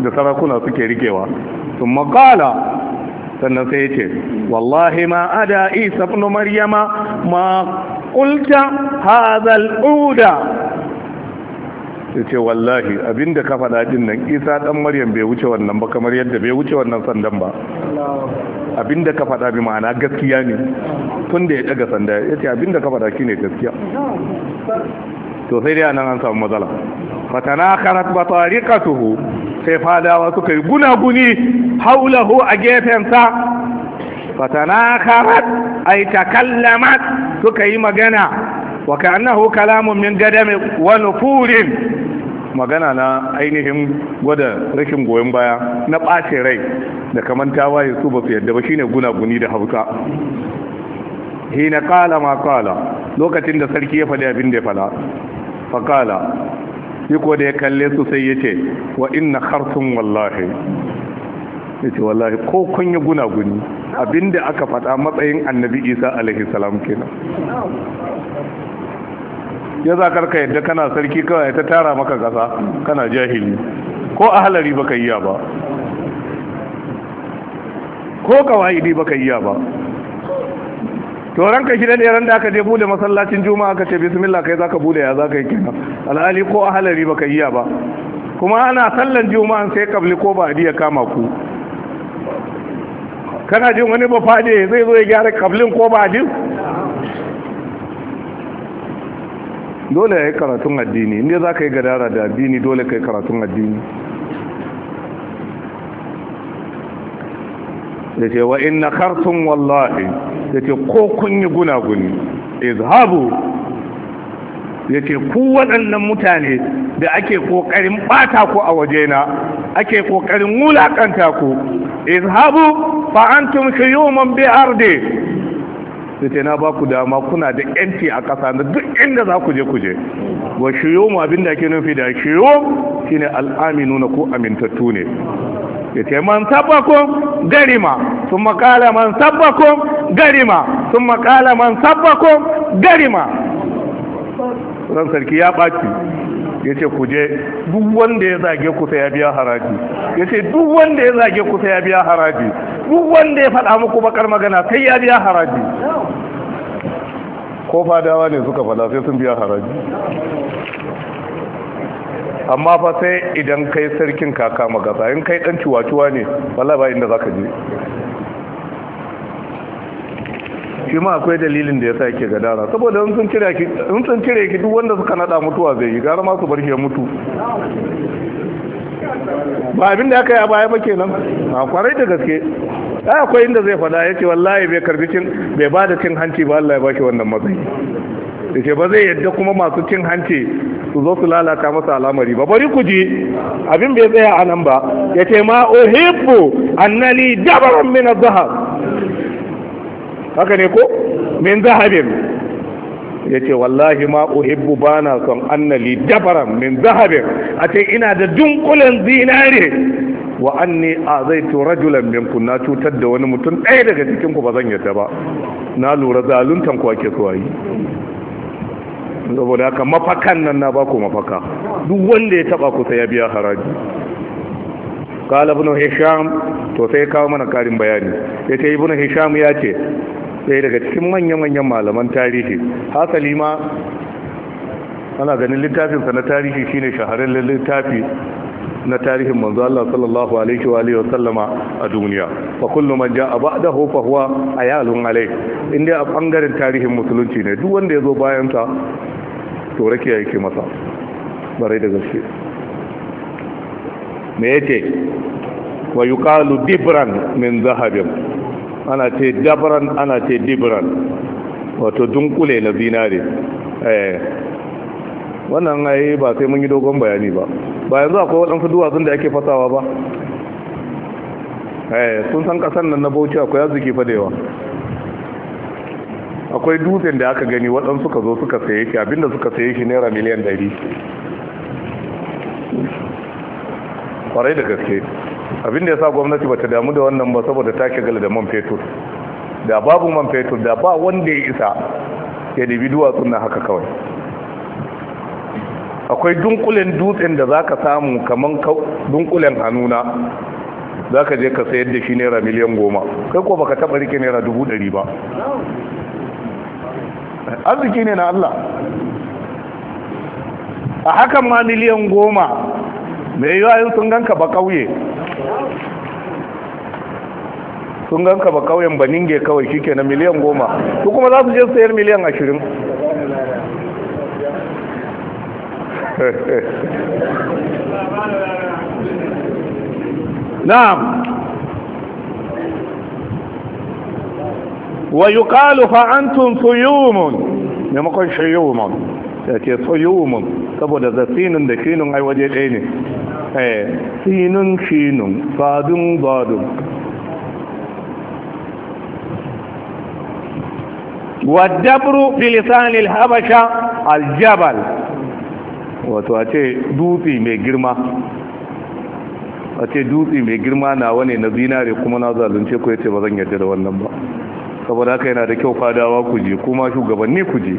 da sarakuna suke riƙewa sun makala sannan sai ya ce wallahi ma ada isa ibn maryama ma qulta hadha al-uda ya ce wallahi abinda ka faɗa din nan isa ɗan maryam bai wuce wannan ba kamar yadda bai wuce wannan sandan ba abinda ka faɗa bi ma'ana gaskiya ne tun da ya ɗaga sanda ya ce abinda ka faɗa ne gaskiya to sai dai nan an samu matsala fatana karat ba tariqatuhu sai fadawa suka yi gunaguni haulahu a gefensa fatana karat ay takallamat suka yi magana wa ka'annahu kalamun min gadami wa nufurin magana na ainihin gwada rashin goyon baya na ɓace rai da kaman tawaye su ba su yadda ba shine gunaguni da hauka. hina kala ma kala lokacin da sarki ya faɗi abin da ya faɗa fa kala ko da ya kalle su sai ya ce wa inna kharsun wallahi ya ce wallahi ko kun yi gunaguni da aka faɗa matsayin annabi isa alaihi salam kenan ya za karka yadda kana sarki kawai ta tara maka kasa kana jahili ko a halari baka yi ba ko kawaidi baka yi ba to ranka shi dade ran da aka je bude masallacin juma'a aka ce bismillah kai zaka bude ya zaka yi kenan alhali ko a halari baka yi ba kuma ana sallan juma'a sai kabli ko ba ya kama ku kana jin wani ba fade zai zo ya gyara kablin ko ba adin dole ya yi karatun addini inda za ka yi gadara da addini dole ka yi karatun addini da ce wa ina kartun wallahi da ce ko kun yi gunaguni izhabu ya ce ku waɗannan mutane da ake ƙoƙarin ɓata ku a waje wajena ake ƙoƙarin wulaƙanta ku izhabu fa'antum shiyuman bi arde sai ce na ba ku dama kuna da yanci a ƙasa da duk inda za ku je ku je wa shiyo mu abin da ke nufi da shiyo ne al'aminu na ko amintattu ne ya ce man sabbakon ma. sun makala man sabbakon ma. sun makala man sabbakon ma. ran sarki ya ɓaci ya ce ku je duk wanda ya zage ku sai ya biya haraji ya ce duk wanda ya zage ku sai ya biya haraji duk wanda ya faɗa muku bakar magana sai ya biya haraji ko fadawa ne suka faɗa sai sun biya haraji amma fa sai idan kai sarkin kaka magasa in kai dan ciwaciwa ne wallahi ba inda zaka je shi ma akwai dalilin da ya sa ke gadara saboda in sun cire ki duk wanda suka nada mutuwa zai yi gara masu mutu ba abin da aka yi a baya ba kenan a kwarai da gaske ai akwai inda zai fada ya ce wallahi bai karbi cin bai ba da cin hanci ba Allah ya baki wannan matsayi da ce ba zai yadda kuma masu cin hanci su zo su lalata masa al'amari ba bari ku ji abin bai tsaya a nan ba ya ce ma uhibbu annali dabarun min zahar. haka ne ko min zahabin ya ce wallahi ma uhibbu bana son annali dabaran min zahabin a ce ina da dunkulen zinare wa anni zai rajulan minkum na cutar da wani mutum ɗaya daga cikin ku ba zan yadda ba na lura zaluntan ku ake so yi saboda haka mafakan nan na baku mafaka duk wanda ya taba kusa ya biya haraji Kala ibn hisham to sai kawo mana karin bayani Ya ce ibn hisham ya ce ɗaya daga cikin manya-manyan malaman tarihi hasali ma ana ganin littafinsa na tarihi shine shahararren littafi na tarihin manzo Allah sallallahu alaihi wa alihi sallama a duniya fa kullu man jaa ba'dahu fa huwa ayalun alai. inda a bangaren tarihin musulunci ne duk wanda yazo bayan ta to rake yake masa barai da gaske me yake wa yuqalu dibran min zahabin ana ce dabran ana ce dibran wato dunkule na zinare eh, wannan ai ba sai mun yi dogon bayani ba ba yanzu akwai waɗansu duwatsun da ake fasawa ba eh, sun san kasan nan na bauchi akwai arziki fadewa akwai dutsen da aka gani waɗansu suka zo suka saye shi abinda suka saye shi naira miliyan ɗari. kwarai da gaske Abin da ya sa gwamnati bata damu da wannan ba saboda ta ke gala da man fetur da babu man fetur da ba wanda ya isa ya dibi duwatsun na haka kawai akwai dunkulen dutsen da za ka samu kamar dunkulen hannuna za ka je ka sayar da shi naira miliyan goma kai ko baka taba rike naira dubu ɗari ba arziki ne na Allah a hakan ma miliyan goma mai wayo sun ganka ba kauye sun ganka ba kauyen ba ninge kawai ke na miliyan goma su kuma za su je sayar miliyan ashirin <laughs> na'am wa yuqalu fa antum suyumun maimakon shuyumun ya ce suyumun saboda zafinin da shinun ai waje ɗaya ne khair sinun shinun sadun zadun wadabru habasha aljabal wato a ce dutse mai girma a ce dutse mai girma na wane na zinare kuma na zalunce ku yace ba zan yarda da wannan ba saboda haka yana da kyau fadawa ku je kuma shugabanni ku je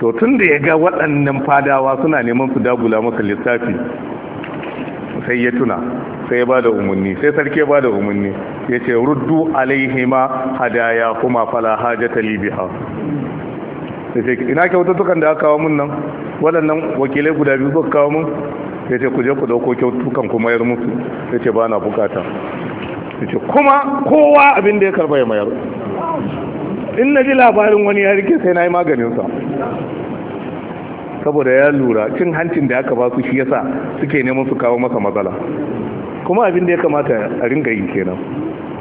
to tun da ya ga waɗannan fadawa suna neman su dagula masa littafi sai ya tuna sai ya ba da umarni sai sarki ya ba da umarni ya ce ruddu alaihima hadaya kuma fala haja libiha ya ce ina kyaututtukan da aka kawo mun nan waɗannan wakilai guda biyu suka kawo mun ya ce ku je ku dauko kyautukan ku mayar musu ya ce ba na bukata ya ce kuma kowa abin da ya karba ya mayar in na ji labarin wani ya rike sai na yi maganinsa saboda ya lura cin hancin da aka ba su shi yasa suke neman su kawo masa matsala kuma abin da ya kamata a ringa yi kenan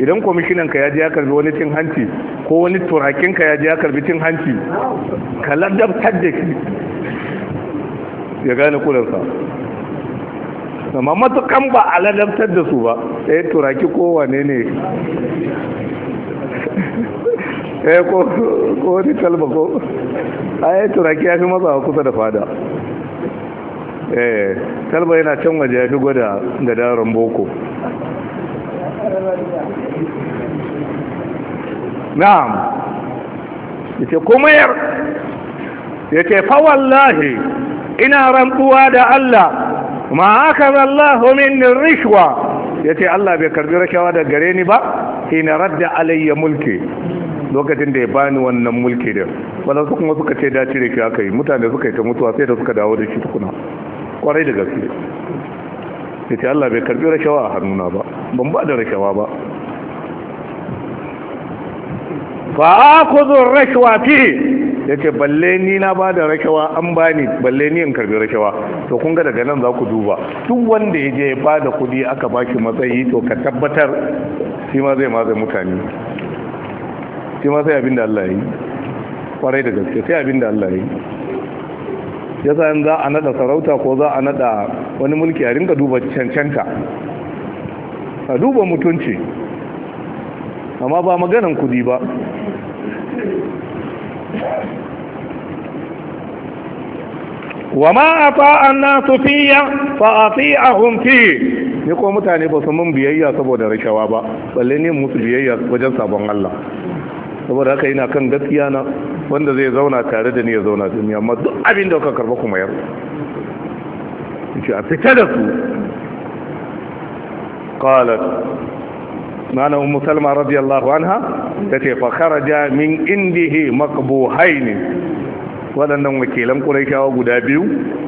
idan kwamishinan ka ya ji ya karbi wani cin hanci ko wani turakin ka ya ji ya karbi cin hanci ka ladabtar da shi ya gane kudansa amma matukan ba a ladabtar da su ba ɗaya eh, turaki ko wane ne sai eh, ko ko ni kalba ko ai turaki ya fi maza kusa da fada eh kalba yana can waje ya fi gwada da daren boko na'am yace kuma yar yace fa wallahi ina rantsuwa da Allah ma akaza Allah min rishwa yace Allah bai karbi rashawa da gare ni ba ina radda alayya mulki lokacin da ya bani wannan mulki din su kuma suka ce da cire ki aka yi mutane suka yi ta mutuwa sai da suka dawo da shi tukuna kwarai da gaske ya ce Allah bai karbi rashawa a hannuna ba ban ba da rashawa ba fa zo rashawa fi ya ce balle ni na ba da rashawa an ba ni balle ni in karbi rashawa to kun ga daga nan za ku duba duk wanda ya je ya ba da kudi aka ba shi matsayi to ka tabbatar shi ma zai ma zai mutane shi ma sai abin da Allah ya yi kwarai da gaske sai abin da Allah ya yi ya sa za a nada sarauta ko za a nada wani mulki a ringa duba cancanta a duba mutunci amma ba maganan kudi ba ma a fa'an na sufiya fa'afi a hunfi ne ko mutane ba su mun biyayya saboda rashawa ba balle ne musu biyayya wajen sabon Allah saboda haka ina kan gaskiya na wanda zai zauna tare da ni ya zauna da amma duk abin da ka karba kuma yar yace a fita da su qalat na ummu salma radiyallahu anha tace fa kharaja min indihi maqbuhain waɗannan wakilan quraishawa guda biyu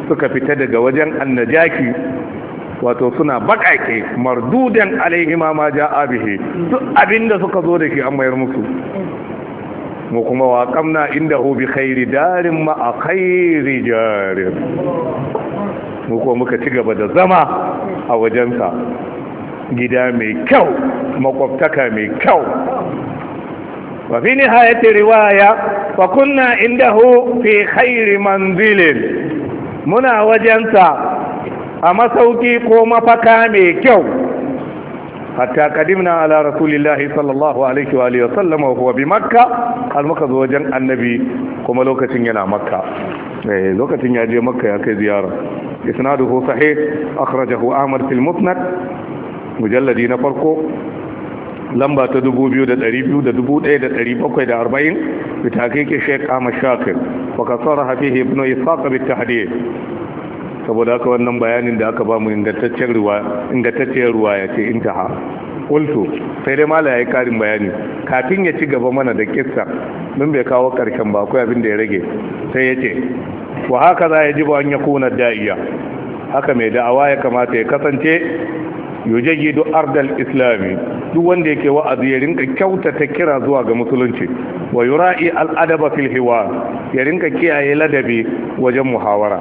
suka fita daga wajen annajaki wato suna baƙaƙe mardudan alaihima ma ja'a bihi duk abinda suka zo da ke an mayar musu mu kuma waƙamna inda hu bi khairi darin ma a khairi jarin mu kuma muka ci gaba da zama a wajensa gida mai kyau makwabtaka mai kyau wa fi nihayati riwaya fa kunna indahu fi khairi manzilin muna wajensa a masauki ko mafaka mai kyau hatta kadimna ala rasulillahi sallallahu alaihi wa alihi wasallam wa huwa bi makka har muka zo wajen annabi kuma lokacin yana makka eh lokacin ya je makka ya kai ziyara isnaduhu sahih akhrajahu ahmad fil musnad mujalladi na farko lamba ta 2240 bitake ke Sheikh Ahmad Shakir wa kasara fihi ibn Ishaq bitahdid saboda haka wannan bayanin da aka ba mu ingantacciyar ruwa ya ce ha kultu sai dai mala ya yi ƙarin bayani kafin ya ci gaba mana da kissa min bai kawo ƙarshen ba akwai abin da ya rage sai ya ce wa haka za ya ji ba an ya kuna da'iya haka mai da'awa ya kamata ya kasance yujayyidu ardal islami duk wanda yake wa'azi ya rinka kyautata kira zuwa ga musulunci wa yura'i adaba fil hiwa ya rinka kiyaye ladabi wajen muhawara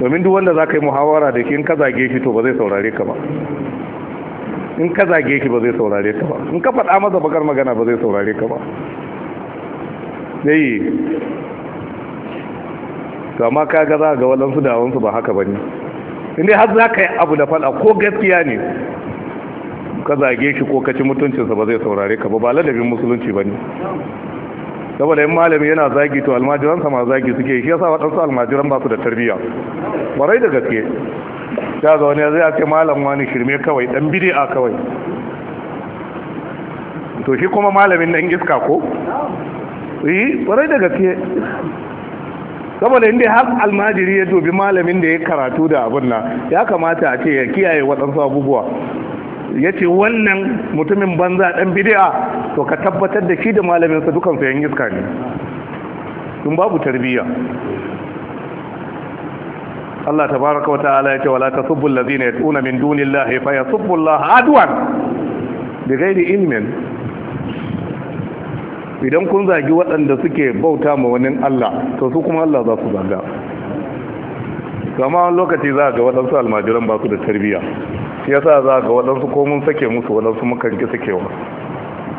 domin duk wanda zaka yi muhawara da kin ka zage shi to ba zai saurare ka ba in ka zage shi ba zai saurare ka ba in ka faɗa masa bakar magana ba zai saurare ka ba dai to amma kaga za ga da dawansu ba haka bane inda har za ka yi abu da fada ko gaskiya ne ka zage shi ko kaci mutuncinsa ba zai saurare ka ba ba ladabin musulunci ba ne saboda yin malami yana zagi to almajiransa ma zagi suke shi yasa waɗansu almajiran ba su da tarbiyya barai da gaske ta ga wani zai ake malam wani shirme kawai dan a kawai to shi kuma malamin nan iska ko yi eh, barai da gaske saboda inda har almajiri ya dubi malamin da ya karatu da abin nan ya kamata a ce ya kiyaye waɗansu abubuwa ya ce wannan mutumin banza ɗan bidi'a to ka tabbatar da shi da malaminsa su yan iska ne sun babu tarbiyya Allah tabaraka wa ta'ala ya ce wala tasubbu allazina yad'una min dunillahi fa yasubbu Allah adwan bighairi ilmin idan kun zagi waɗanda suke bauta ma wani Allah to su kuma Allah za su zaga kama lokaci za a ga waɗansu almajiran ba su da tarbiyya shi ya sa za a ga waɗansu ko mun sake musu waɗansu mukan ki sakewa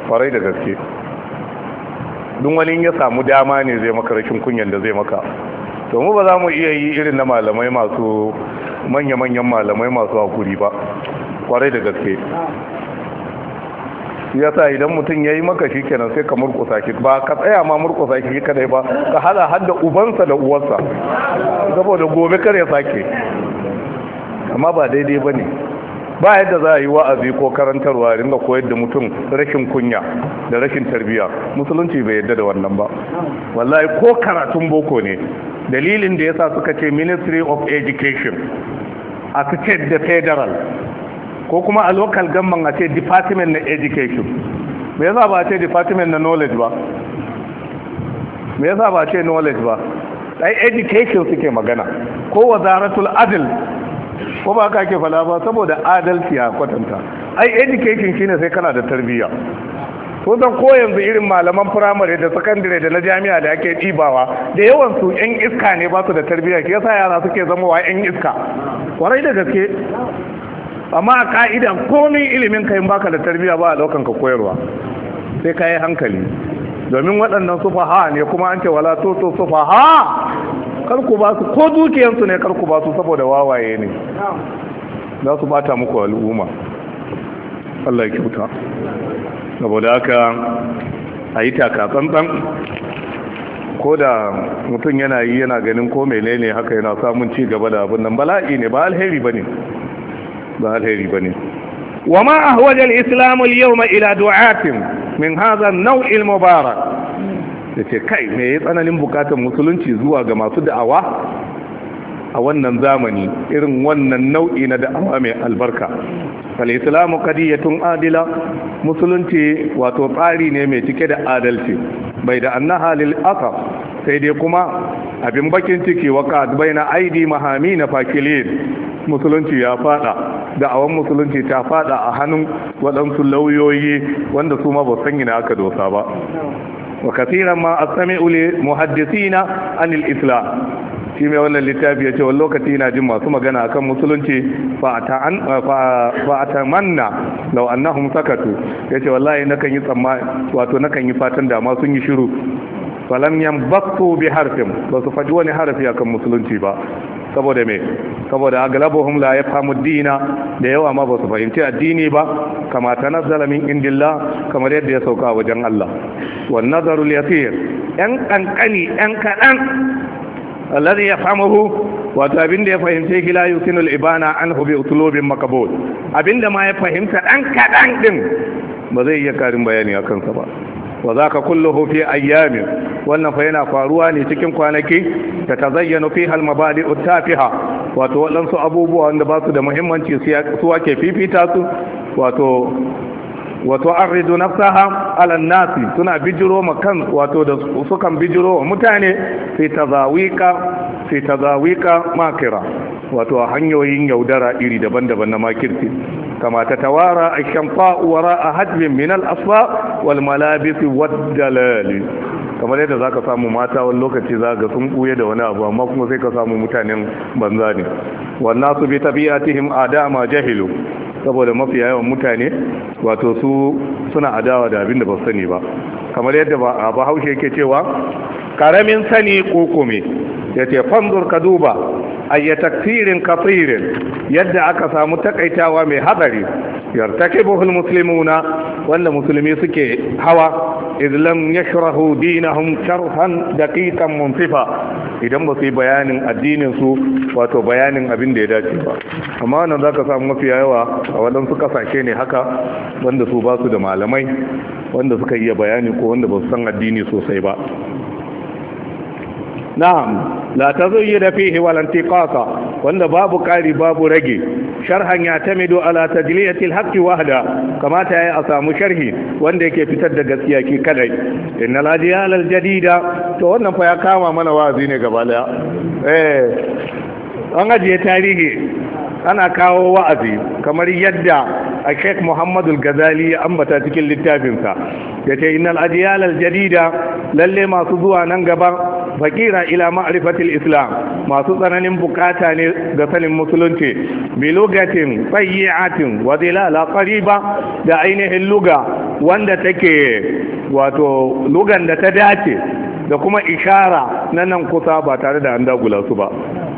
farai da gaske duk wani ya samu dama ne zai maka rashin kunyan da zai maka to mu ba za mu iya yi irin na malamai masu manya-manyan malamai masu hakuri ba kwarai da gaske shi yasa idan mutum ya yi maka shi kenan sai ka murƙusa shi ba ka tsaya ma murƙusa shi kadai ba ka hada hadda ubansa da uwarsa saboda gobe kar ya sake amma ba daidai ba ne. ba yadda za a yi wa'azi ko karantarwa ringa koyar da mutum rashin kunya da rashin tarbiyya musulunci bai yadda da wannan ba wallahi ko karatun boko ne dalilin da yasa suka ce ministry of education a state da federal ko kuma a lokal government a ce department na education me yasa ba a ce department na knowledge ba me yasa ba a ce knowledge ba ai education suke magana ko wazaratul adil ko ba ka ke fala ba saboda adalci a kwatanta ai education shine sai kana da tarbiyya ko zan ko yanzu irin malaman firamare da sakandare da na jami'a da ake ɗibawa da yawan su yan iska ne ba su da tarbiyya ke yasa yara suke zama wa yan iska kwarai da gaske amma a ka'ida komin ilimin kayan baka da tarbiyya ba a daukan ka koyarwa sai ka yi hankali domin waɗannan sufaha ne kuma an ce wala toto sufaha karku ba su ko dukiyansu ne karku ba su saboda wawaye ne za su bata muku al'umma Allah ya kyauta saboda haka a yi taka ko da mutum yana yi yana ganin ko menene haka yana samun ci gaba da abin nan bala'i ne ba alheri ba ne ba alheri ba ne wa ma ahwaja al-islam al-yawma ila du'atin min hadha an mubarak. al ce kai me ya tsananin bukatar musulunci zuwa ga masu da'awa a wannan zamani irin wannan nau'i na da'awa mai albarka al-islamu qadiyatun adila musulunci wato tsari ne mai cike da adalci bai da annaha lil asaf sai dai kuma abin bakin ciki waka baina aidi mahami na fakilin musulunci ya fada da'awan musulunci ta fada a hannun waɗansu lauyoyi wanda su ma ba san ina aka dosa ba wa kasiran ma ule li muhaddisina anil islam shi mai wannan littafi ya ce wani lokaci yana jin masu magana akan musulunci fa'ata manna lau annahum sakatu ya ce wallahi na kan yi tsamma wato na kan yi fatan da ma sun yi shiru falam yan bakko bi harfin ba su faɗi wani harafi akan musulunci ba saboda me saboda aglabuhum la yafhamu dina da yawa ma ba su fahimci addini ba kama tanazzala min indillah kamar yadda ya sauka wajen Allah wan nazaru yasir yan kankani yan kadan alladhi yafhamuhu wato abinda ya fahimce ki la yusinul ibana anhu bi utlubin makabul abinda ma ya fahimta dan kadan din ba zai iya karin bayani akan sa ba wa za ka kulle fi ayyamin wannan fa yana faruwa ne cikin kwanaki da ta zayyana fi halmabadi uttafiha wato waɗansu abubuwa wanda ba su da muhimmanci su ake fifita su wato wato arridu nafsaha ala nasi suna bijiro ma kan wato da sukan bijiro wa mutane fi tazawika fi tazawika makira wato hanyoyin yaudara iri daban-daban na makirci kama ta tawara a shamfa wara a hajjin min al-asfa wal malabis wad Dalali. kamar yadda zaka samu mata wani lokaci ga sun buye da wani abu amma kuma sai ka samu mutanen banza ne wannan su bi tabi'atihim adama jahilu saboda mafi yawan mutane wato su suna adawa da abin da ba sani ba kamar yadda ba a bahaushe yake cewa karamin sani ko kome yace fanzur ka duba ayya takfirin kafirin yadda aka samu takaitawa mai hadari yartakibuhu almuslimuna wanda musulmi suke hawa idlam yashrahu dinahum sharhan daqiqan munfifa idan ba su yi bayanin addinin su wato bayanin abin da ya dace ba amma wannan zaka samu mafi yawa a waɗansu kasashe ne haka wanda su ba su da malamai wanda suka iya bayani ko wanda ba su san addini sosai ba na'am la tazayyida fihi wala intiqasa wanda babu kari babu rage sharhan ya tamidu ala tajliyati alhaqqi wahda kamata yi a samu sharhi wanda yake fitar da gaskiya ki kadai innal adiyal aljadida to wannan fa ya kama mana wazi ne gaba daya eh an ajiye tarihi ana kawo wa'azi kamar yadda a sheikh muhammadu gazali ya ambata cikin littafinsa ya ce innal ajiyal aljadida lalle masu zuwa nan gaba fakira ila ma'rifatil islam masu tsananin bukata ne ga sanin musulunci bi lugatin sayyi'atin wa zilala qariba da ainihin luga wanda take wato lugan da ta dace da kuma ishara na nan kusa ba tare da an dagula su ba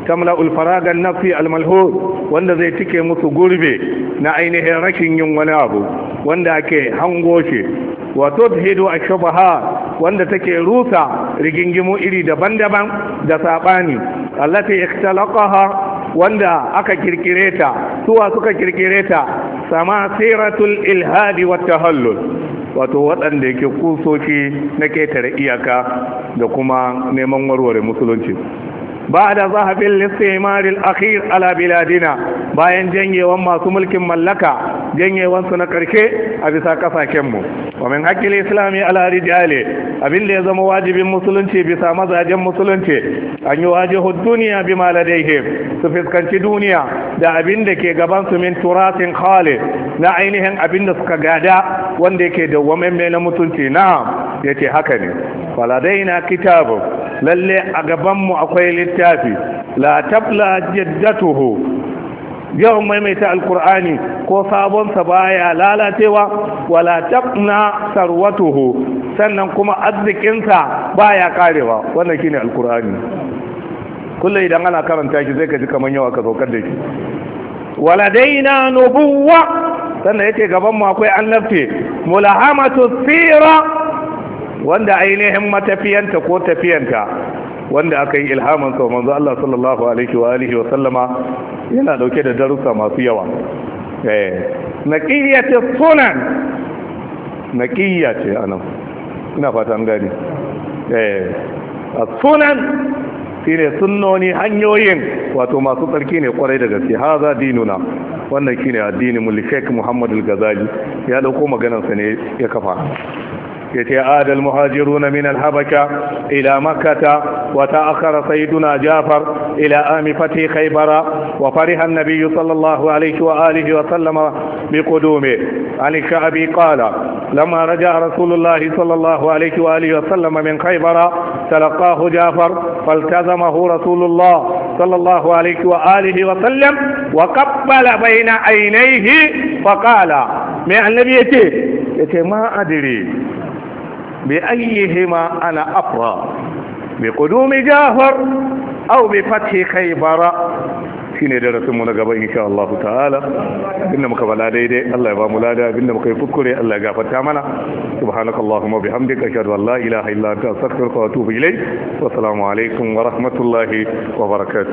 tamla ulfaragan nafi almalhur wanda zai cike musu gurbe na ainihin rashin yin wani abu wanda ake hango shi wato a ashabaha wanda take rusa rigingimu iri daban-daban da saɓani allati iktalaqaha wanda aka kirkire ta suwa suka kirkire ta sama siratul ilhadi wat tahallul wato waɗanda yake kusoci na ƙetare iyaka da kuma neman warware musulunci ba'da zahabil listimar al-akhir ala biladina bayan janyewan masu mulkin mallaka janyewan su na karke a bisa kasaken mu wa min haqqil islami ala abin da ya zama wajibin musulunci bisa mazajen musulunci an yi wajihu duniya bima ladayhim su fuskanci duniya da abin da ke gaban su min turasin khali na ainihin abin da suka gada wanda yake da wamen mai na mutunci na yake haka ne na kitabun lalle a gabanmu akwai littafi la tabla jaddatuhu yawan maimaita alkur'ani ko sabonsa baya lalacewa wala tabna sarwatuhu sannan kuma arzikinsa baya karewa wannan shine alkur'ani kullum idan ana karanta shi zai kaji kamar yau aka saukar da shi waladaina nubuwa sannan yake gaban mu akwai annabci mulahamatu sira wanda ainihin matafiyanta ko tafiyanta wanda aka yi ilhamin sau manzo Allah sallallahu alaihi wa alihi wa sallama yana dauke da darussa masu yawa eh naqiyatu sunan naqiyatu anan ina fata an gani eh sunan shine sunnoni hanyoyin wato masu tsarki ne kwarai da gaske haza dinuna wannan shine addinin mu Sheikh Muhammad al-Ghazali ya dauko maganar sa ne ya kafa يتعاد المهاجرون من الحبكة إلى مكة وتأخر سيدنا جافر إلى آم فتح خيبر وفرح النبي صلى الله عليه وآله وسلم بقدومه عن الشعبي قال لما رجع رسول الله صلى الله عليه وآله وسلم من خيبر تلقاه جافر فالتزمه رسول الله صلى الله عليه وآله وسلم وقبل بين عينيه فقال من النبي يتي ما أدري بأيهما أنا أبرى بقدوم جعفر أو بفتح خيبر shine darasin mu na gaba insha Allah ta'ala inda muka bala daidai Allah ya ba mu lada inda muka yi kuskure Allah ya gafarta mana subhanakallahumma bihamdika ashhadu an la ilaha illa anta astaghfiruka wa atubu ilayk wa assalamu alaikum wa rahmatullahi wa barakatuh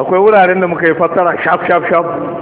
akwai wuraren da muka yi fassara shaf shaf shaf